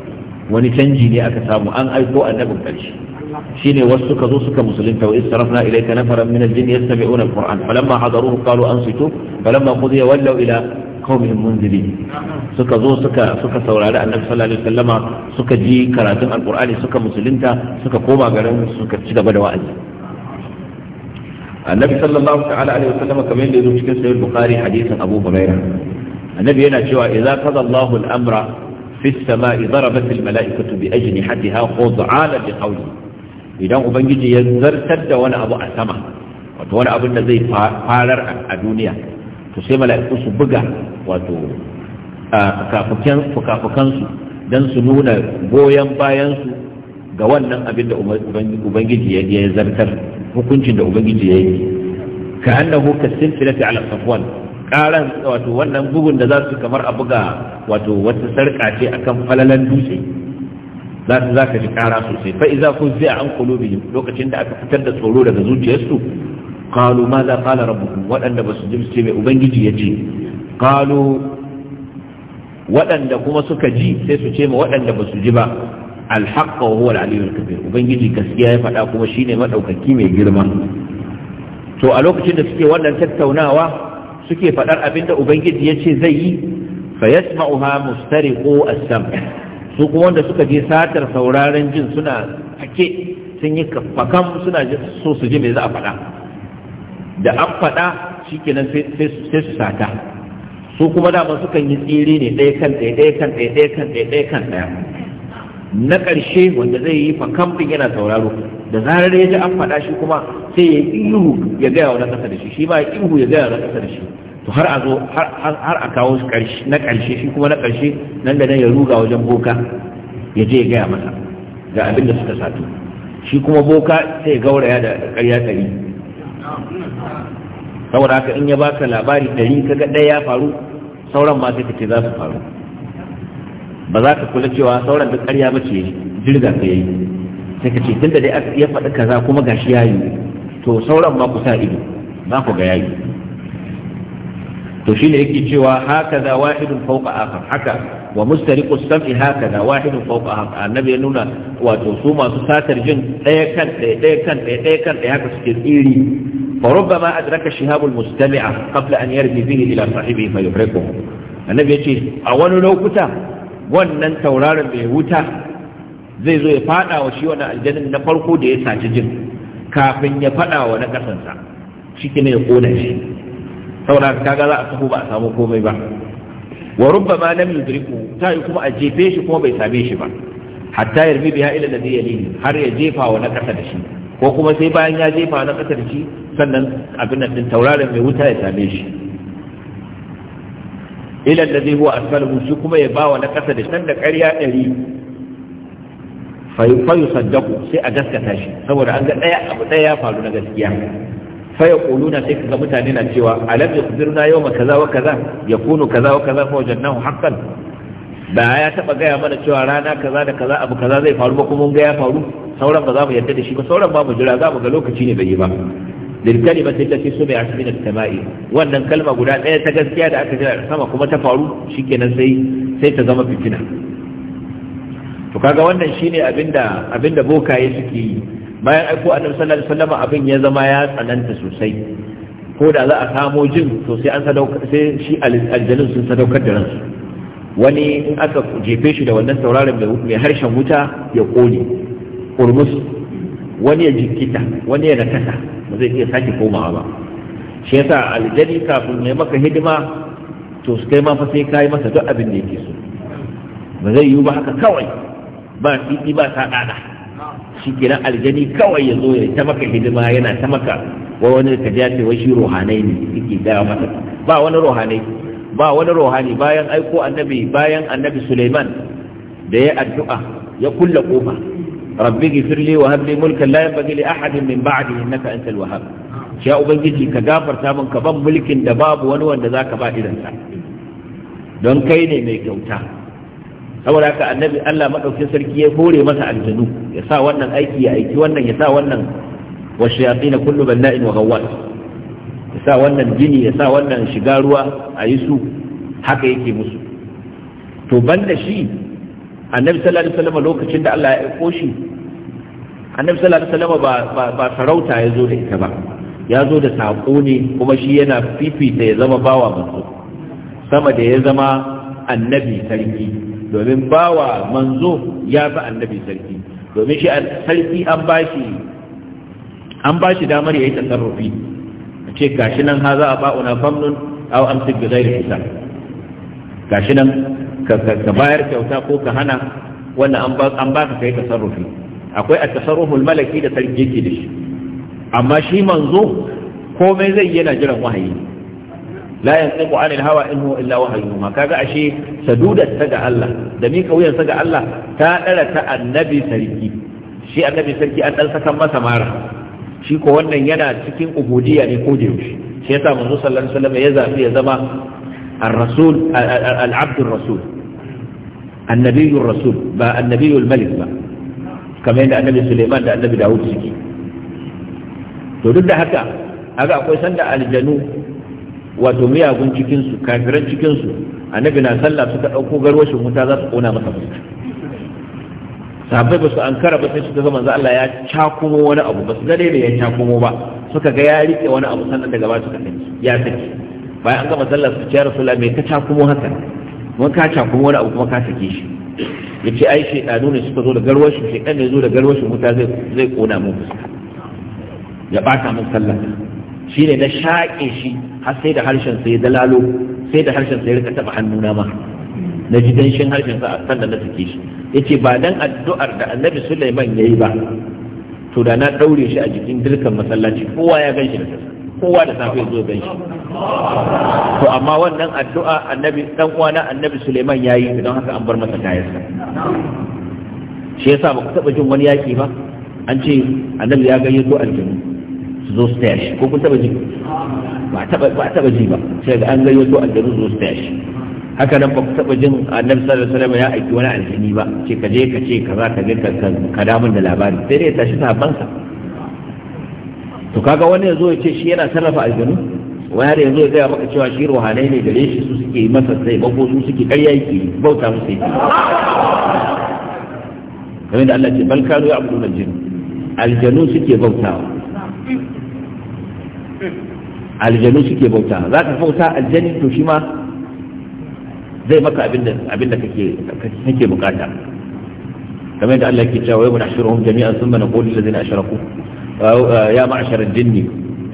wani canji ne aka samu an aiko annabin karshe shine wasu suka zo suka musulunta wa israfna ilayka nafaran min al-jinn yastami'una al-qur'an falamma hadaruhu qalu ansitu falamma qudiya wallaw ila qaumihim munzirin suka zo suka suka saurari annabi sallallahu alaihi wasallama suka ji karatun alqur'ani suka musulunta suka koma garin suka ci gaba da wa'azi annabi sallallahu ta'ala alaihi wasallama kamar yadda yazo cikin sahih bukhari hadisin abu hurairah annabi yana cewa idza qada Allahu al-amra fi as-sama'i darabat al-mala'ikatu bi ajnihatiha khud'ala bi qawli idan ubangiji ya zartar da wani abu a sama wato wani abin da zai farar a duniya to sai mala'iku su buga wato fukafukansu don su nuna goyon bayansu ga wannan abin da ubangiji ya zartar hukuncin da ubangiji ya yi ka annahu ka silsilati ala safwan karan wato wannan bugun da za su kamar a buga wato wata sarka ce akan falalan dutse za su za ka ji kara sosai fa iza kun zai an kulubi lokacin da aka fitar da tsoro daga zuciyarsu qalu ma za qala rabbukum waɗanda ba su ji ce mai ubangiji ya ce qalu waɗanda kuma suka ji sai su ce ma waɗanda ba su ji ba alhaqqa wa huwa al-aliyyul ubangiji gaskiya ya faɗa kuma shine madaukaki mai girma to a lokacin da suke wannan tattaunawa suke faɗar abinda ubangiji ya ce zai yi fa yasma'uha mustariqu ko sam su wanda suka je satar sauraron jin suna ke sun yi fakan suna su ji me za a faɗa da an faɗa shikenan sai su sata su kuma dama kan yi tsiri ne ɗaya kan ɗaya ɗaya kan ɗaya ɗaya kan ɗaya ɗaya kan ɗaya na ƙarshe wanda zai yi fa kamfin yana sauraro da zarar ya ji an faɗa shi kuma sai ya yi ihu ya gaya wa na ƙasa da shi shi ma ya ihu ya gaya wa na ƙasa da shi to har a zo har a kawo na ƙarshe shi kuma na ƙarshe nan da nan ya ruga wajen boka ya je ya gaya masa ga abin da suka sato shi kuma boka sai ya gauraya da ƙarya ƙari saboda haka in ya baka labari dari kaga ɗaya ya faru sauran ma sai kace za su faru ba za ka kula cewa sauran duk ƙarya ba ce jirga ka yi sai ka ce tunda dai ya faɗi kaza kuma gashi ya yi to sauran ma ku sa ido za ku ga yayi yi to shine yake cewa haka za wahidun fauka akhar haka wa mustariqu sam'i haka za wahidun fauka akhar annabi ya nuna wato su masu satar jin ɗaya kan ɗaya ɗaya kan ɗaya ɗaya kan ɗaya haka suke tsiri فربما أدرك الشهاب المستمع قبل أن يرمي به إلى صاحبه فيحرقه النبي يقول أول لو كتا wannan tauraron mai wuta zai zo ya fada wa shi wani aljanin na farko da ya saci jin kafin ya fada wa na kasansa shi ne ya kona shi saboda kaga za a sahu ba a samu komai ba wa rubbama lam yudriku ta yi kuma a jefe shi kuma bai same shi ba hatta yarmi biha ila ladhi yalihi har ya jefa wa na kasa da shi ko kuma sai bayan ya jefa na da shi sannan abin nan tauraron mai wuta ya same shi da zai huwa asfalu shi kuma ya bawa na ƙasa da san da ƙarya ɗari fa yusaddaku sai a gaskata shi saboda an ga ɗaya abu ɗaya ya faru na gaskiya fa yaquluna sai kaga mutane na cewa alam yakhbirna yawma kaza wa kaza Ya kunu kaza wa kaza fa wajannahu haqqan ba ya taɓa gaya mana cewa rana kaza da kaza abu kaza zai faru ba kuma ga ya faru sauran ba za mu yarda da shi ba sauran ba mu jira za mu ga lokaci ne bai yi ba للكلمة التي سمعت من السماء wannan kalma guda ɗaya ta gaskiya da aka jira sama kuma ta faru shikenan sai sai ta zama fitina to kaga wannan shine abinda abinda bokaye suke yi bayan aiko annabi sallallahu alaihi wasallam abin ya zama ya tsananta sosai ko da za a samo jin to sai an sai shi aljanun sun sadaukar da ransu wani in aka jefe shi da wannan sauraron mai harshen wuta ya kone Ƙurmus wani ya jikita wani ya nakasa ba zai iya sake komawa ba shi yasa aljani kafin ya maka hidima to su kai ma fa sai kai masa duk abin da yake so ba zai yiwu ba haka kawai ba tsitsi ba ta dada shi kenan aljani kawai ya zo ya ta maka hidima yana ta maka wa wani ka ja ce wai shi rohanai ne yake gaya masa ba wani rohanai ba wani rohani bayan aiko annabi bayan annabi Suleiman da ya addu'a ya kulla kofa rabbi gifirli wa habli mulkan la yanbaghi li ahadin min ba'di innaka antal wahhab ya ubangiji ka gafarta min ka ban mulkin da babu wani wanda ka ba irin sa don kai ne mai kyauta saboda haka annabi Allah madaukakin sarki ya hore masa aljanu ya sa wannan aiki ya aiki wannan ya sa wannan wa shayatin kullu banna'in wa ghawwas ya sa wannan jini ya sa wannan shiga ruwa a yi su haka yake musu to banda shi annabi sallallahu alaihi wasallam lokacin da Allah ya aiko shi annabi sallallahu alaihi wasallam ba ba sarauta ya zo da ita ba ya zo da saƙo ne kuma shi yana fifita ya zama bawa manzo sama da ya zama annabi sarki domin bawa manzo ya fi annabi sarki domin shi sarki an bashi an shi damar ya yi tasarrufi a ce gashi nan ha za a ba'una famnun aw amsik bi ghairi hisab gashi nan ka bayar kyauta ko ka hana wannan an baka kai tasarrufi akwai a tasarruful malaki da sarki da shi amma shi manzo komai zai yana jiran wahayi la yantiqu anil hawa in illa wahyu ma kaga ashe sadudat ta ga Allah da mi ka sa ga Allah ta dara ta annabi sarki shi annabi sarki an dan sakan masa mara shi ko wannan yana cikin ubudiyya ne ko da yaushe yasa manzo sallallahu alaihi wasallam ya zafi ya zama ar al rasul annabiyul rasul ba annabiyul malik ba kamar yadda annabi suleiman da annabi dawud suke to duk da haka aga akwai sanda aljanu wato miyagun cikinsu kafiran cikinsu annabi na sallah suka ɗauko garwashin wuta za su ƙona masa mutu sahabbai ba su an kara ba sai suka zama manzo Allah ya cakumo wani abu ba su ga da ya cakumo ba suka ga ya rike wani abu sannan daga ba suka ya saki bayan an gama sallah su ce rasulullah me ka cakumo haka Kuma ka cakun wani abu kuma ka sake shi ya ce ai shaidanu ne suka zo da garwashin shaidan ne zo da garwashin wuta zai kona mun fuska ya bata mun sallah shi ne na shaƙe shi har sai da harshen sai dalalo sai da harshen sai rika taba hannuna ma na ji danshin harshen sa a sannan na sake shi Ya ce ba dan addu'ar da Annabi Sulaiman yayi ba to da na daure shi a jikin dirkan masallaci kowa ya gan shi da kansa kowa da safe zo gan shi to amma wannan addu'a annabi dan uwana annabi Suleiman yayi don haka an bar masa kayansa shi yasa ba ku taba jin wani yaki ba an ce annabi ya gayyato aljanu su zo su taya shi ko kun taba ji ba taba ba taba ji ba sai ga an gayyato aljanu su zo su taya shi haka nan ba ku taba jin annabi sallallahu alaihi wasallam ya aiki wani aljini ba ce ka je ka ce kaza ka ga ka da mun da labari sai dai ya tashi sahabbansa to kaga wani yazo ya ce shi yana sarrafa aljanu wani yazo ya gaya maka cewa shi ruhanai ne gare shi su suke masa sai bako su suke karya yake bauta musu yake kamar da Allah ce bal kanu ya'buduna aljin aljanu suke bautawa aljanu suke bauta za ka bauta aljani to shi ma zai maka abin da kake bukata kamar da Allah ke cewa yau na shirin jami'an sun mana kolin da zai na يا معشر الجن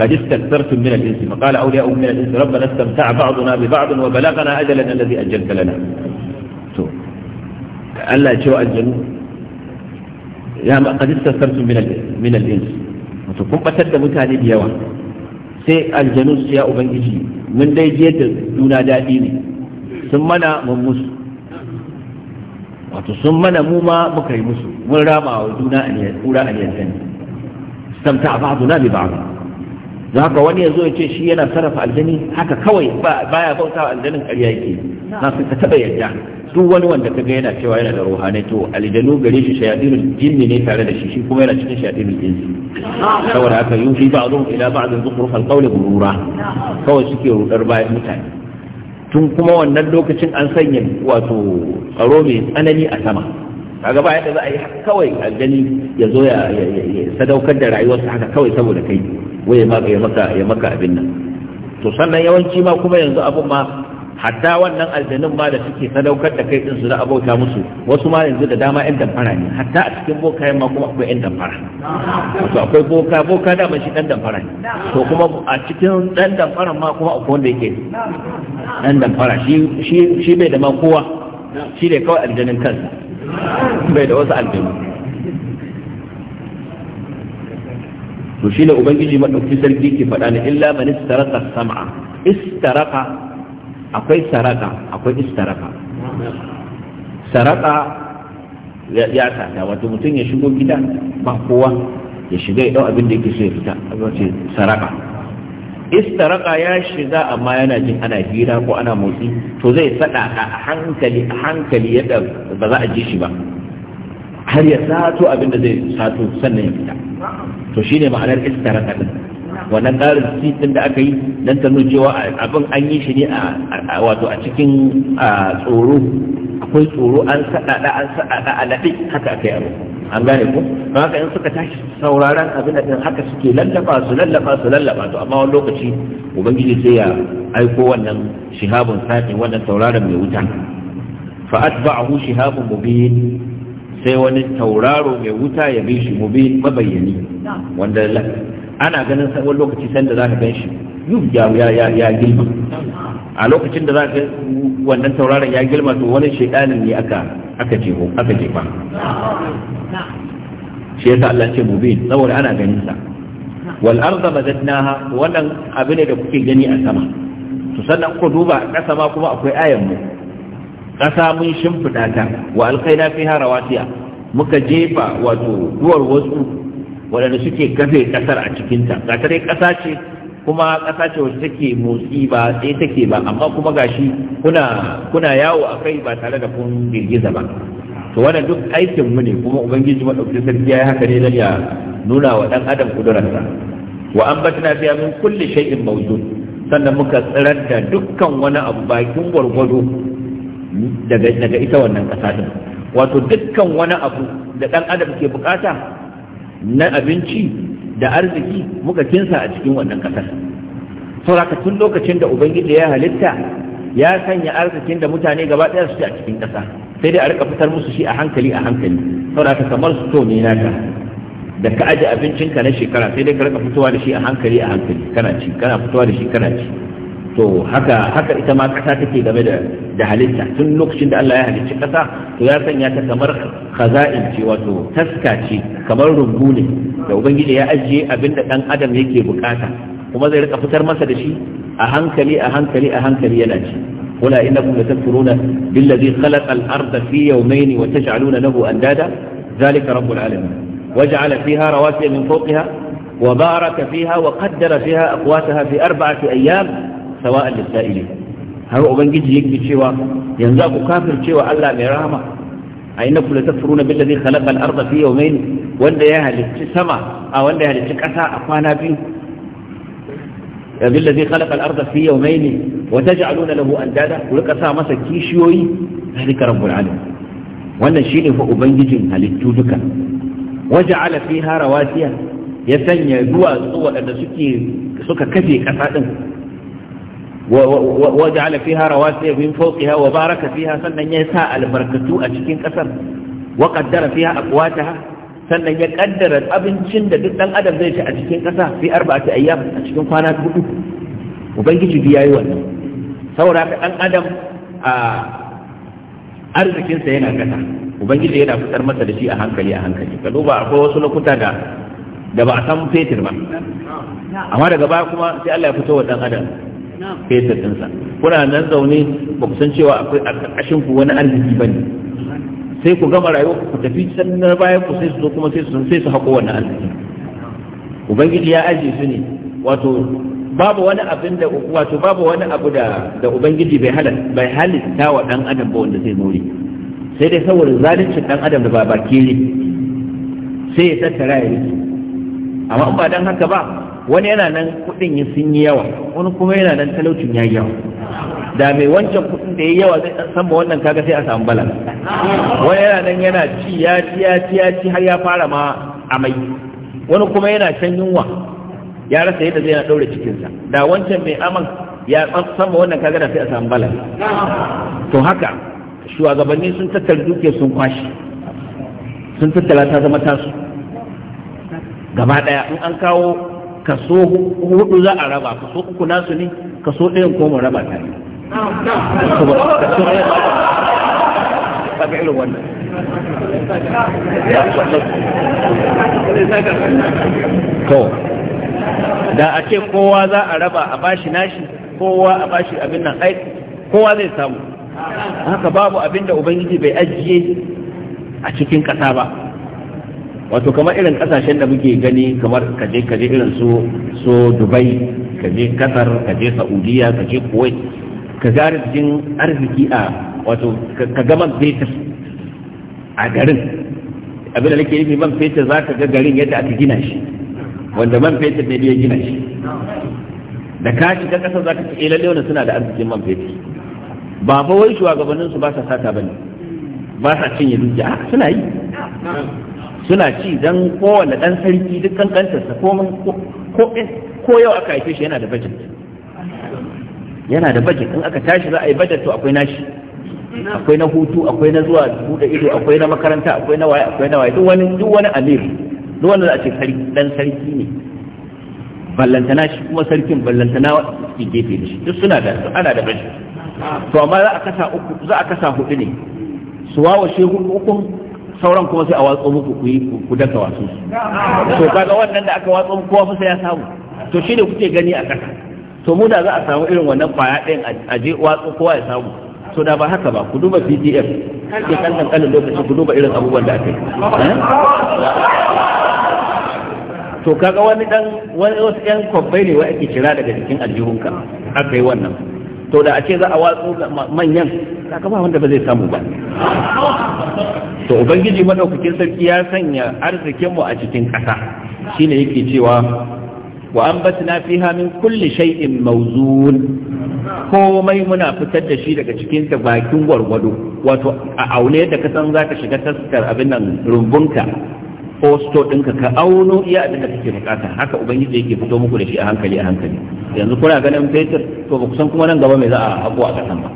قد استكثرتم من الإنس فقال أولياء من الإنس ربنا استمتع بعضنا ببعض وبلغنا أجلنا الذي أجلت لنا ألا يتشوى الجنون يا قد استكثرتم من من الإنس وتكون قتلت متاني بيوا sai aljanus ya ubangiji mun dai je da juna daɗi ne sun mana mun musu wato sun mana mu ma muka yi musu mun rama wa juna a kura a ne استمتع بعضنا ببعض da haka wani ya zo ya ce shi yana sarrafa aljani haka kawai baya bauta wa aljanin ƙarya yake na ka taɓa yadda duk wani wanda ka ga yana cewa yana da ruhanai to aljanu gare shi shayatinul jinni ne tare da shi shi kuma yana cikin shayatinul jinni saboda haka yuhi ba'dhum ila ba'dhin zukhrufal alqawli ghurura kawai suke rudar bayan mutane tun kuma wannan lokacin an sanya wato tsaro mai tsanani a sama kaga ba yadda za a yi haka kawai a gani ya zo ya sadaukar da rayuwarsa haka kawai saboda kai wai ya maka ya maka abin nan to sannan yawanci ma kuma yanzu abun ma hatta wannan aljanin ma da suke sadaukar da kai din su da abauta musu wasu ma yanzu da dama yan damfara ne hatta a cikin boka ma kuma akwai yan damfara to akwai boka boka da ma shi dan damfara ne to kuma a cikin dan damfara ma kuma akwai wanda yake dan damfara shi shi shi bai da ma kowa shi ne kawai aljanin kansa bai da wasu aljanu to shi ne ubangiji maɗauki sarki ke faɗa ne illa man istaraka sam'a istaraka akwai saraka akwai istaraka saraka ya sata wato mutum ya shigo gida ba kowa ya shiga ya ɗau abin da yake so ya fita a saraka istaraka ya shiga amma yana jin ana hira ko ana motsi to zai sada a hankali a hankali yadda ba za a ji shi ba har ya sato abin da zai sato sannan ya fita to shine ma'anar istaraka din wannan ƙarin sitin da aka yi don ta cewa abin an yi shi ne a wato a cikin tsoro akwai tsoro an saɗaɗa an saɗaɗa a naɗe haka aka yaro an gane ku. ba haka in suka tashi sauraron abin da haka suke lallafa su lallafa su lallafa to amma wani lokaci ubangiji sai ya aiko wannan shihabun satin wannan tauraron mai wuta fa atba'ahu shihabun mubin sai wani tauraro mai wuta ya bi shi mubin mabayyani wanda ana ganin wani lokaci sanda za ka gan shi yub ya ya ya girma a lokacin da za ka wannan tauraron ya girma to wani shaidanin ne aka aka jeho aka jefa shi yasa Allah ce mubin saboda ana ganin sa wal arda badatnaha wannan abu ne da kuke gani a sama to sannan ku duba kasa ma kuma akwai ayan mu kasa mun shimfida ta wa alqaina fiha rawasiya muka jefa wato duwar wasu wadanda suke kafe kasar a cikinta ga ta dai kasa ce kuma ƙasa ce wacce take motsi ba sai take ba amma kuma gashi kuna kuna yawo akai ba tare da kun girgiza ba to wannan duk aikin mu ne kuma ubangiji madaukakin sarki ya yi haka ne dan ya nuna wa dan adam kudurarsa wa ambatna fiya min kulli shay'in mawjud sannan muka tsirar da dukkan wani abu bakin gwargwado daga daga ita wannan ƙasa din wato dukkan wani abu da dan adam ke bukata na abinci da arziki muka kinsa a cikin wannan ƙasar sauraka tun lokacin da ubangiji ya halitta ya sanya arzikin da mutane gaba ɗaya su a cikin ƙasa sai dai a rika fitar musu shi a hankali a hankali sauraka kamar su to ne naka da ka aje abincinka na shekara sai dai ka rika fitowa da shi a hankali a hankali kana ci kana fitowa da shi kana ci to haka haka ita ma kasa take game da da halitta tun lokacin da Allah ya halicci kasa to ya sanya ta kamar khaza'in ce wato taska ce kamar rumbu ne da ubangiji ya ajiye abin da dan adam yake bukata kuma zai rika fitar masa da shi a hankali a hankali a hankali yana ci wala innakum latakfuruna billazi khalaqa al arda fi yawmayn wa taj'aluna lahu andada zalika rabbul alamin waj'ala fiha rawasiya min fawqiha وبارك فيها وقدر فيها أقواتها في أربعة أيام sawa'an lisa'ili har ubangiji yake cewa yanzu ku cewa Allah mai rahama a inna kula ta tafuruna billazi khalaqa al-ardha fi yawmayn wanda ya halicci sama a wanda ya halicci kasa a kwana biyu billazi khalaqa al-ardha fi yawmayn wa taj'aluna lahu andada ku rika sa masa kishiyoyi zalika rabbul alamin wannan shine fa ubangijin halittu duka waja'ala fiha rawasiya ya sanya duwatsu waɗanda suke suka kafe ƙasa ɗin وجعل فيها رواسي من فوقها وبارك فيها sannan ya sa albarkatu a cikin kasar wa qaddara fiha aqwataha sannan ya kaddara abincin da duk dan adam zai ci a cikin kasa fi arba'ati ayyam a cikin kwana hudu ubangiji biya yi wannan saboda ka dan adam a yana kasa ubangiji yana fitar masa da shi a hankali a hankali ka duba akwai wasu lokuta da ba a san fetir ba amma baya kuma sai Allah ya fito wa dan adam fetur ɗinsa kuna nan zaune ba ku san cewa akwai a ƙarƙashin ku wani arziki ba ne sai ku gama rayuwa ku tafi sannan bayan ku sai su zo kuma sai su haƙo wani arziki ubangiji ya aji su ne wato babu wani abin da wato babu wani abu da da ubangiji bai halal bai halitta wa dan adam ba wanda zai more sai dai saboda zalincin dan adam da ba ne sai ya tattara ya rike amma ba dan haka ba wani yana nan kuɗin ya sun yi yawa wani kuma yana nan talaucin ya yi yawa da mai wancan kuɗin da ya yi yawa zai ɗan san wannan kaga sai a samu bala. wani yana nan yana ci ya ci ya ci ya ci har ya fara ma amai wani kuma yana can yunwa ya rasa yadda zai na ɗaure cikinsa da wancan mai aman ya san wannan kaga da sai a samu bala. to haka shugabanni sun tattara duke sun kwashi sun tattara ta zama tasu gaba ɗaya in an kawo kaso hudu za a raba kaso uku nasu ne kaso ɗayan ko mu raba ta to da a ce kowa za a raba a bashi nashi kowa a bashi abin nan ai kowa zai samu haka babu abin da ubangiji bai ajiye a cikin ƙasa ba wato kamar irin kasashen da muke gani kamar kaje kaje irin su so dubai kaje qatar kaje saudiya kaje kuwait ka ga arzikin arziki a wato ka ga man fetur a garin abin da nake nufi man fetur za ka ga garin yadda aka gina shi wanda man fetur ne ya gina shi da ka shiga kasar za ka ce eh, lalle wanda suna da arzikin man fetur ba wai shugabanninsu ba sa sata bane ba sa cinye dukiya suna yi suna ci dan kowane dan sarki duk sa ko ko yau aka haife shi yana da budget yana da budget in aka tashi za a yi budget to akwai nashi akwai na hutu akwai na zuwa buɗe ido akwai na makaranta akwai na waye akwai na waye duk wani duk wani amir duk wani a ce sarki dan sarki ne ballantana shi kuma sarkin ballantana ke gefe shi duk suna da ana da budget to amma za a kasa uku za a kasa hudu ne su wawa shehu hudu ukun sauran kuma sai a watsa muku ku yi ku daka wasu to kaga wannan da aka watsa muku kowa fa sai ya samu to shine kuke gani a kasa to mu da za a samu irin wannan kwaya ɗin a je watsa kowa ya samu to da ba haka ba ku duba pdf ke kan kallon lokaci ku duba irin abubuwan da aka yi eh? to kaga wani dan wani wasu yan kwabbai ne wa ake kira daga jikin aljihunka aka yi wannan to da a ce za a watsu manyan ka ba wanda ba zai samu ba to ubangiji madaukakin sarki ya sanya arzikin mu a cikin ƙasa shine yake cewa wa ambatna fiha min kulli shay'in mawzun komai muna fitar da shi daga cikin ta bakin gwargwado wato a aune da ka san zaka shiga taskar abin nan rumbunka posto ɗinka ka auno iya abin da kake bukata haka ubangiji yake fito muku da shi a hankali a hankali yanzu kuna ganin fetur to ba kusan kuma nan gaba mai za a haƙo a ƙasan ba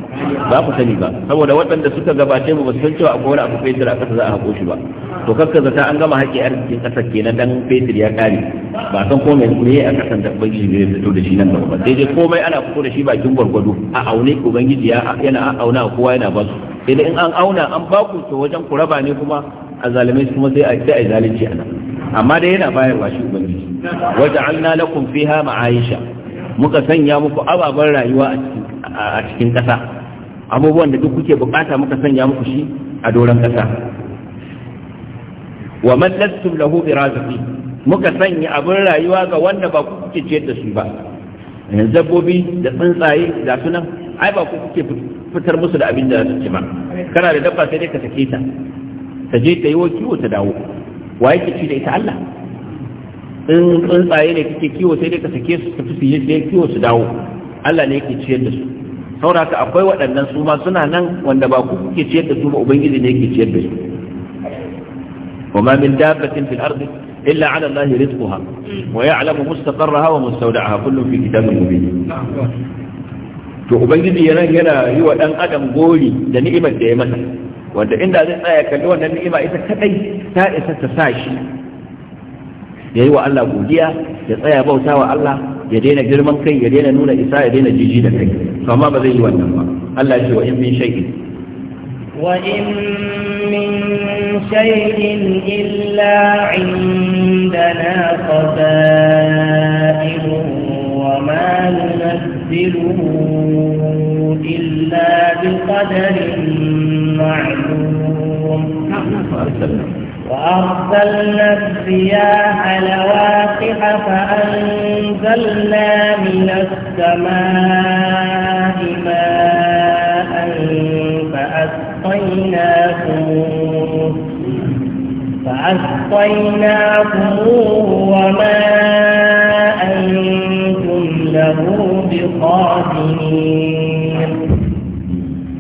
ba ku sani ba saboda waɗanda suka gabace mu ba su san cewa akwai wani abu fetur a ƙasa za a haƙo shi ba to kakka zata an gama haƙe arzikin ƙasar kenan dan fetur ya ƙare ba san ko mai ne a ƙasan da ubangiji ne fito da shi nan gaba ba daidai komai ana fito da shi bakin gwargwado a aune ubangiji yana auna kowa yana ba su sai in an auna an baku to wajen ku raba ne kuma a zalimai kuma sai a sai a zalunci ana amma dai yana bayar wa shi ubangiji waja'alna lakum fiha ma'aisha muka sanya muku ababen rayuwa a cikin kasa abubuwan da duk kuke bukata muka sanya muku shi a doron kasa wa man lastum lahu birazqi muka sanya abin rayuwa ga wanda ba ku kuke ciyar da su ba dabbobi da tsuntsaye da sunan ai ba ku kuke fitar musu da abin da su ci ba kana da dabba sai dai ka sake ta ta je ta yi wa kiwo ta dawo wa yake ci da ita Allah in tsuntsaye ne kake kiwo sai dai ka sake su ka fi sai kiwo su dawo Allah ne yake ciyar da su sauraka akwai waɗannan su ma suna nan wanda ba ku kuke ciyar da su ba ubangiji ne yake ciyar da su وما من دابة في الأرض إلا على الله رزقها ويعلم مستقرها ومستودعها كل في كتاب مبين to ubangiji yana yana yi wa dan adam gori da ni'imar da ya masa wanda inda zai tsaya kalli wannan ni'ima ita kaɗai, ta isa ta sa shi ya yi wa Allah godiya ya tsaya bauta wa Allah ya daina girman kai ya daina nuna isa ya daina jiji da kai to amma ba zai yi wannan ba Allah ya ce wa in min shay'in wa in min shay'in illa indana تنزلوا إلا بقدر معلوم وأرسلنا الرياح لواقح فأنزلنا من السماء ماء فأسقيناكم فأسقيناكم وما قادرين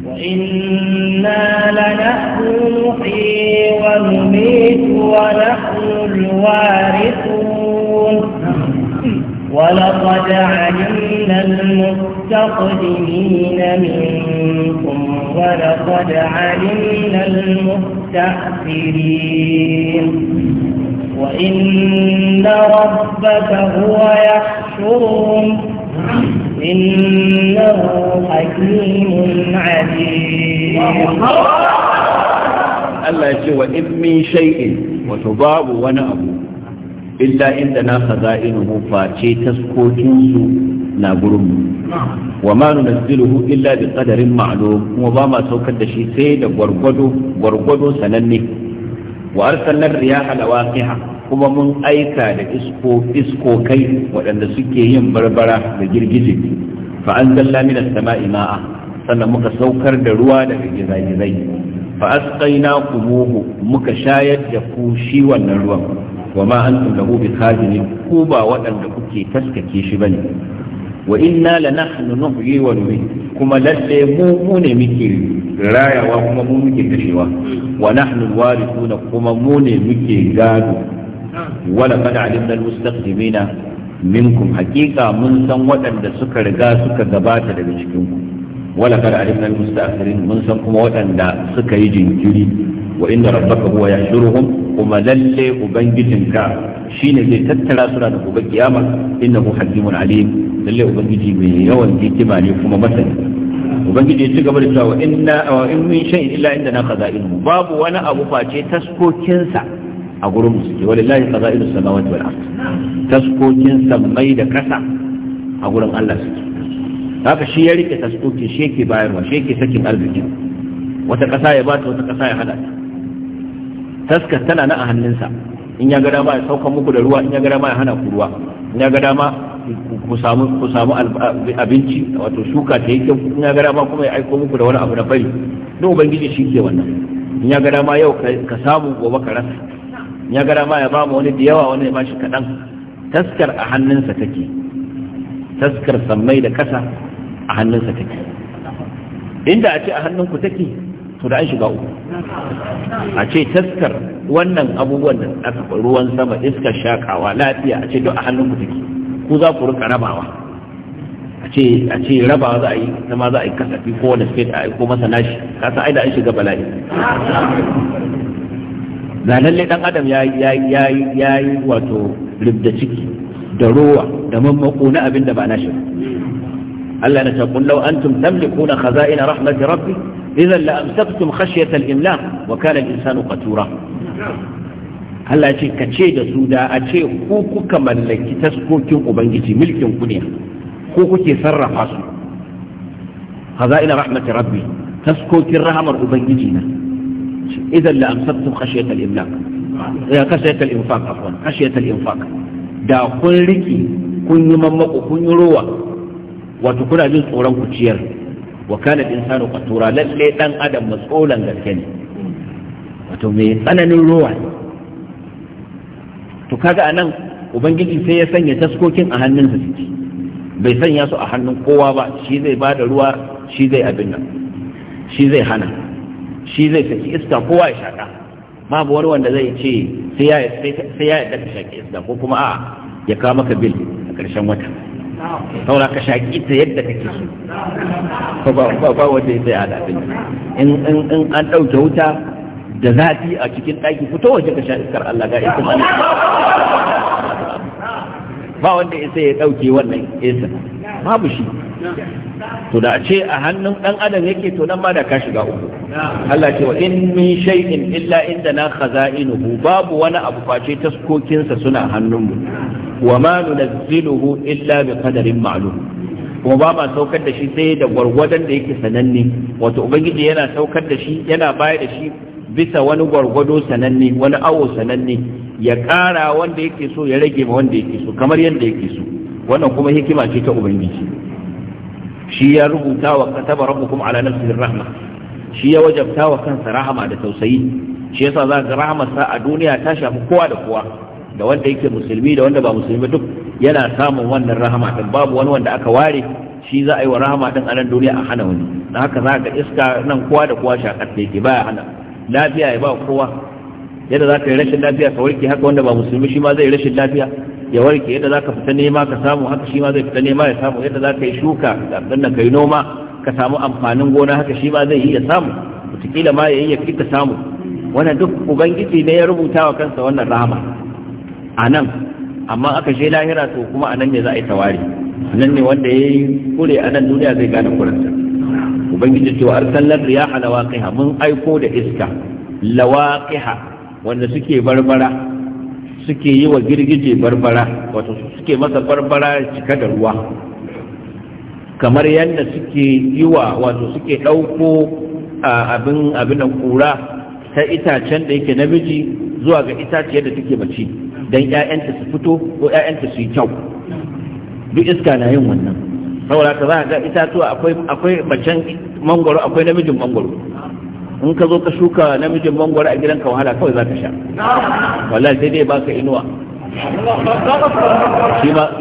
وإنا لنحن نحيي ونميت ونحن الوارثون ولقد علمنا المستقدمين منكم ولقد علمنا المستأخرين وإن ربك هو يحشرهم إنه حكيم عليم Allah ce wa in min wato babu wani abu illa inda na khaza'inuhu face taskokin su na gurin mu wa ma nunzilu illa bi qadarin ma'lum kuma ba ma saukar da shi sai da gwargwado sananne wa arsalna riyaha lawaqiha kuma mun aika da iskokai waɗanda suke yin barbara da girgije fa an zalla minas sama'i ma'a sannan muka saukar da ruwa daga gizagizai fa asqaina kumuhu muka shayar da ku shi wannan ruwan wa ma antum lahu bikhazinin ku ba waɗanda kuke taskake shi bane wa inna la nahnu nuhyi wa numiit kuma lalle mu mu ne muke rayawa kuma mu muke kashewa wa nahnu warithuna kuma mu ne muke gado wala qad alimna almustaqdimina minkum haqiqa mun san waɗanda suka riga suka gabata daga cikin ku wala qad alimna almustaakhirin mun san kuma waɗanda suka yi jinkiri wa inna rabbaka huwa yahshuruhum kuma lalle ubangijinka shine zai tattara su da gobe kiyama innahu hakimun alim lalle ubangiji mai yawan ne kuma masani ubangiji ya ci gaba da cewa in min shay'in illa indana khaza'in babu wani abu face taskokinsa a gurin musulmi walillahi qaza'il samawati wal ard taskokin sammai da kasa a gurin Allah suke haka shi ya rike taskokin shi yake bayarwa shi yake sakin arziki wata kasa ya bata wata kasa ya hada taskar tana na a hannunsa in ya ga dama ya sauka muku da ruwa in ya ga dama ya hana ku ruwa in ya ga dama ku samu ku samu abinci wato shuka ta yake in ya ga dama kuma ya aiko muku da wani abu na fari don ubangiji shi ke wannan in ya ga dama yau ka samu gobe ka rasa ya gara ma ya ba mu wani da yawa wani ya bashi kaɗan taskar a hannunsa take taskar sammai da ƙasa a hannunsa take inda a ce a hannunku take to da an shiga uku a ce taskar wannan abubuwan da aka ruwan sama iskar shakawa lafiya a ce duk a hannunku take ku za ku rika rabawa a ce rabawa za a yi zama za a yi kasafi ko wani state a ko masa nashi kasa aida an shiga bala'i ga lalle dan adam ya yi wato ribda ciki da rowa da mammako na abin da ba na shi Allah na taƙun lau antum tamlikuna khaza'ina rahmati rabbi idan la amsaktum khashyata al-imlaq wa kana al-insanu qatura Allah ce ka ce da su da a ce ku kuka mallaki taskokin ubangiji mulkin ku ne ko kuke sarrafa su khaza'ina rahmati rabbi taskokin rahamar ubangiji na ce idan la amsaktum khashiyata al-imlak ya khashiyata al da kun riki kun yi mammako kun yi rowa wato kuna jin tsoron ku ciyar wa kana insanu qatura lalle dan adam matsolan gaske ne wato mai tsananin rowa ne to kaga anan ubangiji sai ya sanya taskokin a hannunsa suke bai sanya su a hannun kowa ba shi zai ba ruwa shi zai hana shi zai saki iska kowa ya shaka babu wani wanda zai ce sai ya sai ya yadda ka shaki iska ko kuma a ya kawo maka bil a ƙarshen wata saura ka shaki ita yadda kake so ba ba wanda ya sai a dafin in in an ɗauke wuta da zafi a cikin ɗaki fito waje ka sha iskar Allah ga isin ba wanda ya sai ya ɗauke wannan isa babu shi to da a ce a hannun dan adam yake to nan ma da ka shiga uku Allah ce wa in min shay'in illa inda na khaza'inuhu babu wani abu face taskokinsa suna hannun mu. wa ma nunazziluhu illa bi qadarin ma'lum kuma ba ma saukar da shi sai da gwargwadon da yake sananne wato ubangiji yana saukar da shi yana bayar da shi bisa wani gwargwado sananne wani awo sananne ya ƙara wanda yake so ya rage ma wanda yake so kamar yadda yake so wannan kuma hikima ce ta ubangiji shi ya rubuta wa kataba rabbukum ala nafsihi rahma shi ya wajabta wa kansa rahama da tausayi shi yasa za ga rahamarsa a duniya ta shafi kowa da kowa da wanda yake musulmi da wanda ba musulmi duk yana samun wannan rahama din babu wani wanda aka ware shi za a yi wa rahama din a nan duniya a hana wani dan haka za ga iska nan kowa da kowa shakar da yake baya hana lafiya ya ba kowa yadda za ka yi rashin lafiya ka warke haka wanda ba musulmi shi ma zai yi rashin lafiya ya warke yadda zaka fita nema ka samu haka shi ma zai fita nema ya samu yadda zaka yi shuka abin ka kai noma ka samu amfanin gona haka shi ma zai yi ya samu wataƙila ma yayi ya fi ka samu wannan duk ubangiji ne ya rubuta wa kansa wannan rama. a nan amma aka je lahira to kuma a nan ne za a yi tawari nan ne wanda ya yi kure a nan duniya zai gane kuransa ubangiji cewa arsalar riyaha lawaqiha mun aiko da iska lawaqiha wanda suke barbara suke yi wa girgije barbara wato suke masa barbara cika da ruwa kamar yadda suke yi wa wato suke ɗauko abin abin kura ta itacen da yake namiji zuwa ga itaciyar da take mace don 'ya'yanta su fito ko 'ya'yanta su yi kyau duk iska na yin wannan saboda ka za ga itatuwa akwai macen mangoro akwai namijin mangoro in ka zo ka shuka namijin mangwaro a gidanka wahala kawai za ka sha wallahi sai dai ka inuwa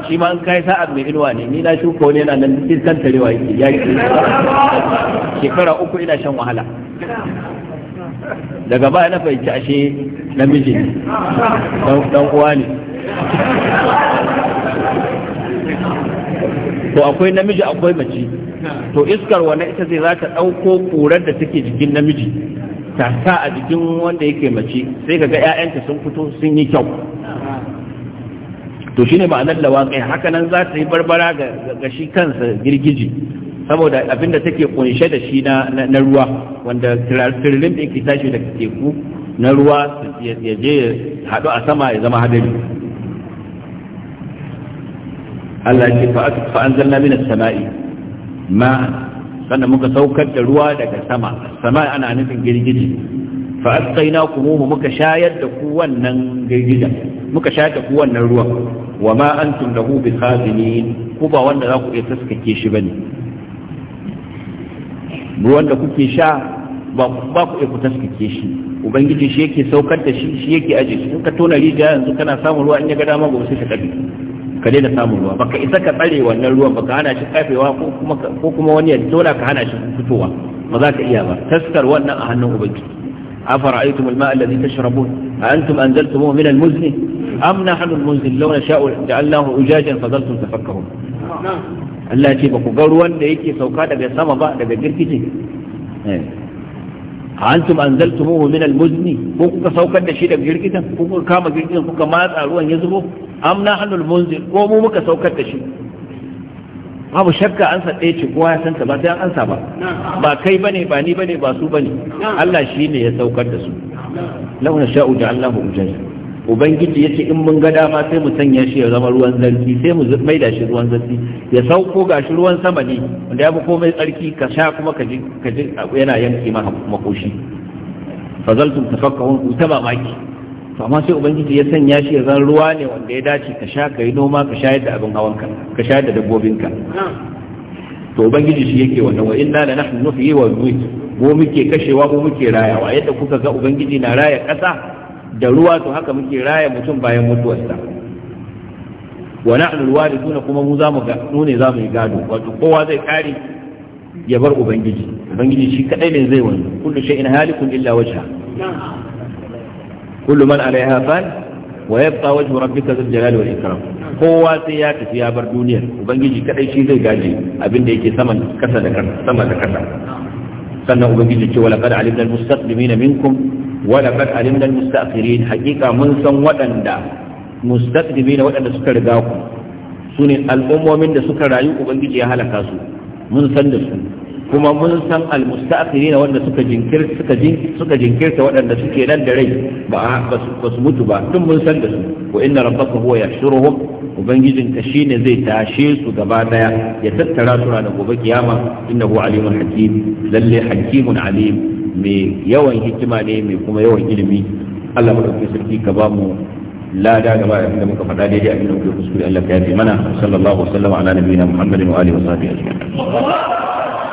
shi ma in kai sa'a mai inuwa ne ni na shuka wani yana nan cikin kantarewa yake ya ke shekara uku ina shan wahala daga baya na fahimci ashe namiji ne dan uwa ne to akwai namiji akwai mace to iskar wannan ita zai za ta ɗauko ƙurar da take jikin namiji ta sa a jikin wanda yake mace sai ka ga 'ya'yanta sun fito sun yi kyau to shine ma'anar lawaƙi haka nan za ta yi barbara ga shi kansa girgiji saboda abin da take kunshe da shi na ruwa wanda tururin da yake tashi daga teku na ruwa ya je haɗu a sama ya zama hadari Allah ce fa anzalna min as-sama'i ma kana muka saukar da ruwa daga sama sama ana nufin girgije fa asqayna kumuhu muka shayar da ku wannan girgiji muka shayar da ku wannan ruwa wa ma antum lahu khazinin ku ba wanda za ku iya taskake shi bane ruwan da kuke sha ba ku iya ku taskake shi ubangiji shi yake saukar da shi shi yake aje shi in ka tona rijiya yanzu kana samun ruwa in ya ga dama gobe sai ka kabi ka daina samun ruwa baka isa ka tsare wannan ruwan baka hana shi kafewa ko kuma wani ya dole ka hana shi fitowa ba za ka iya ba taskar wannan a hannun ubangiji afara'aytum al-ma'a alladhi tashrabun a antum anzaltumuhu min al-muzni am nahnu al-munzil law nasha'u ja'alnahu ujajan fadhaltum tafakkarun Allah ya ce ba ku ga ruwan da yake sauka daga sama ba daga girgije eh. antum anzaltumuhu min almuzni ko kuka saukar da shi daga girgidan ko kuka kama girgidan kuka matsa ruwan ya zubo a nahnu almunzil ko mu muka saukar da shi babu shakka an sa ɗaya ya san ta ba sai an ba ba kai bane ba ni ba su Allah shi ne ya saukar da su ubangiji ce in mun ga dama sai mu sanya shi ya zama ruwan zarki sai mu mai da shi ruwan zarki ya sauko ga shi ruwan sama ne wanda ya fi komai tsarki ka sha kuma ka ji yana yanki maka makoshi fazaltum tafakkahun ku ta mamaki to amma sai ubangiji ya sanya shi ya zama ruwa ne wanda ya dace ka sha ka yi noma ka sha da abin hawanka ka yadda da dabbobinka to ubangiji shi yake wannan wa inna la nahnu nuhyi wa numiit mu muke kashewa mu muke rayawa yadda kuka ga ubangiji na raya kasa da ruwa to haka muke raya mutum bayan mutuwarsa wa nahnu alwarithuna kuma mu zamu ga mu ne zamu gado wato kowa zai kare ya bar ubangiji ubangiji shi kadai ne zai wani kullu shay'in halikun illa wajha kullu man alaiha fan wa yabqa wajhu rabbika dhul jalali wal ikram kowa sai ya tafi ya bar duniyar ubangiji kadai shi zai gaje abinda yake saman kasa da kasa sama da kasa sannan ubangiji ce wala qad alimna almustaqdimina minkum wala kad alimna almustaqirin haqiqa mun san waɗanda mustaqdimina waɗanda suka riga ku ne al'ummomin da suka rayu ubangiji ya halaka su mun san da su kuma mun san almusta'khirina wanda suka jinkirta suka jin suka jinkirta waɗanda suke nan da rai ba ba su mutu ba tun mun san da su wa inna rabbaka huwa yahshuruhum ubangijin ka shine zai tashe su gaba daya ya tattara su ranar gobe kiyama innahu alimun hakim lalle hakimun alim mai yawan hikima ne mai kuma yawan ilimi Allah madaukakin sarki ka ba mu lada gaba da muka faɗa daidai abin da muke kuskure Allah ka yafe mana sallallahu alaihi wa sallam ala nabiyina Muhammadin wa alihi wa sahbihi ajma'in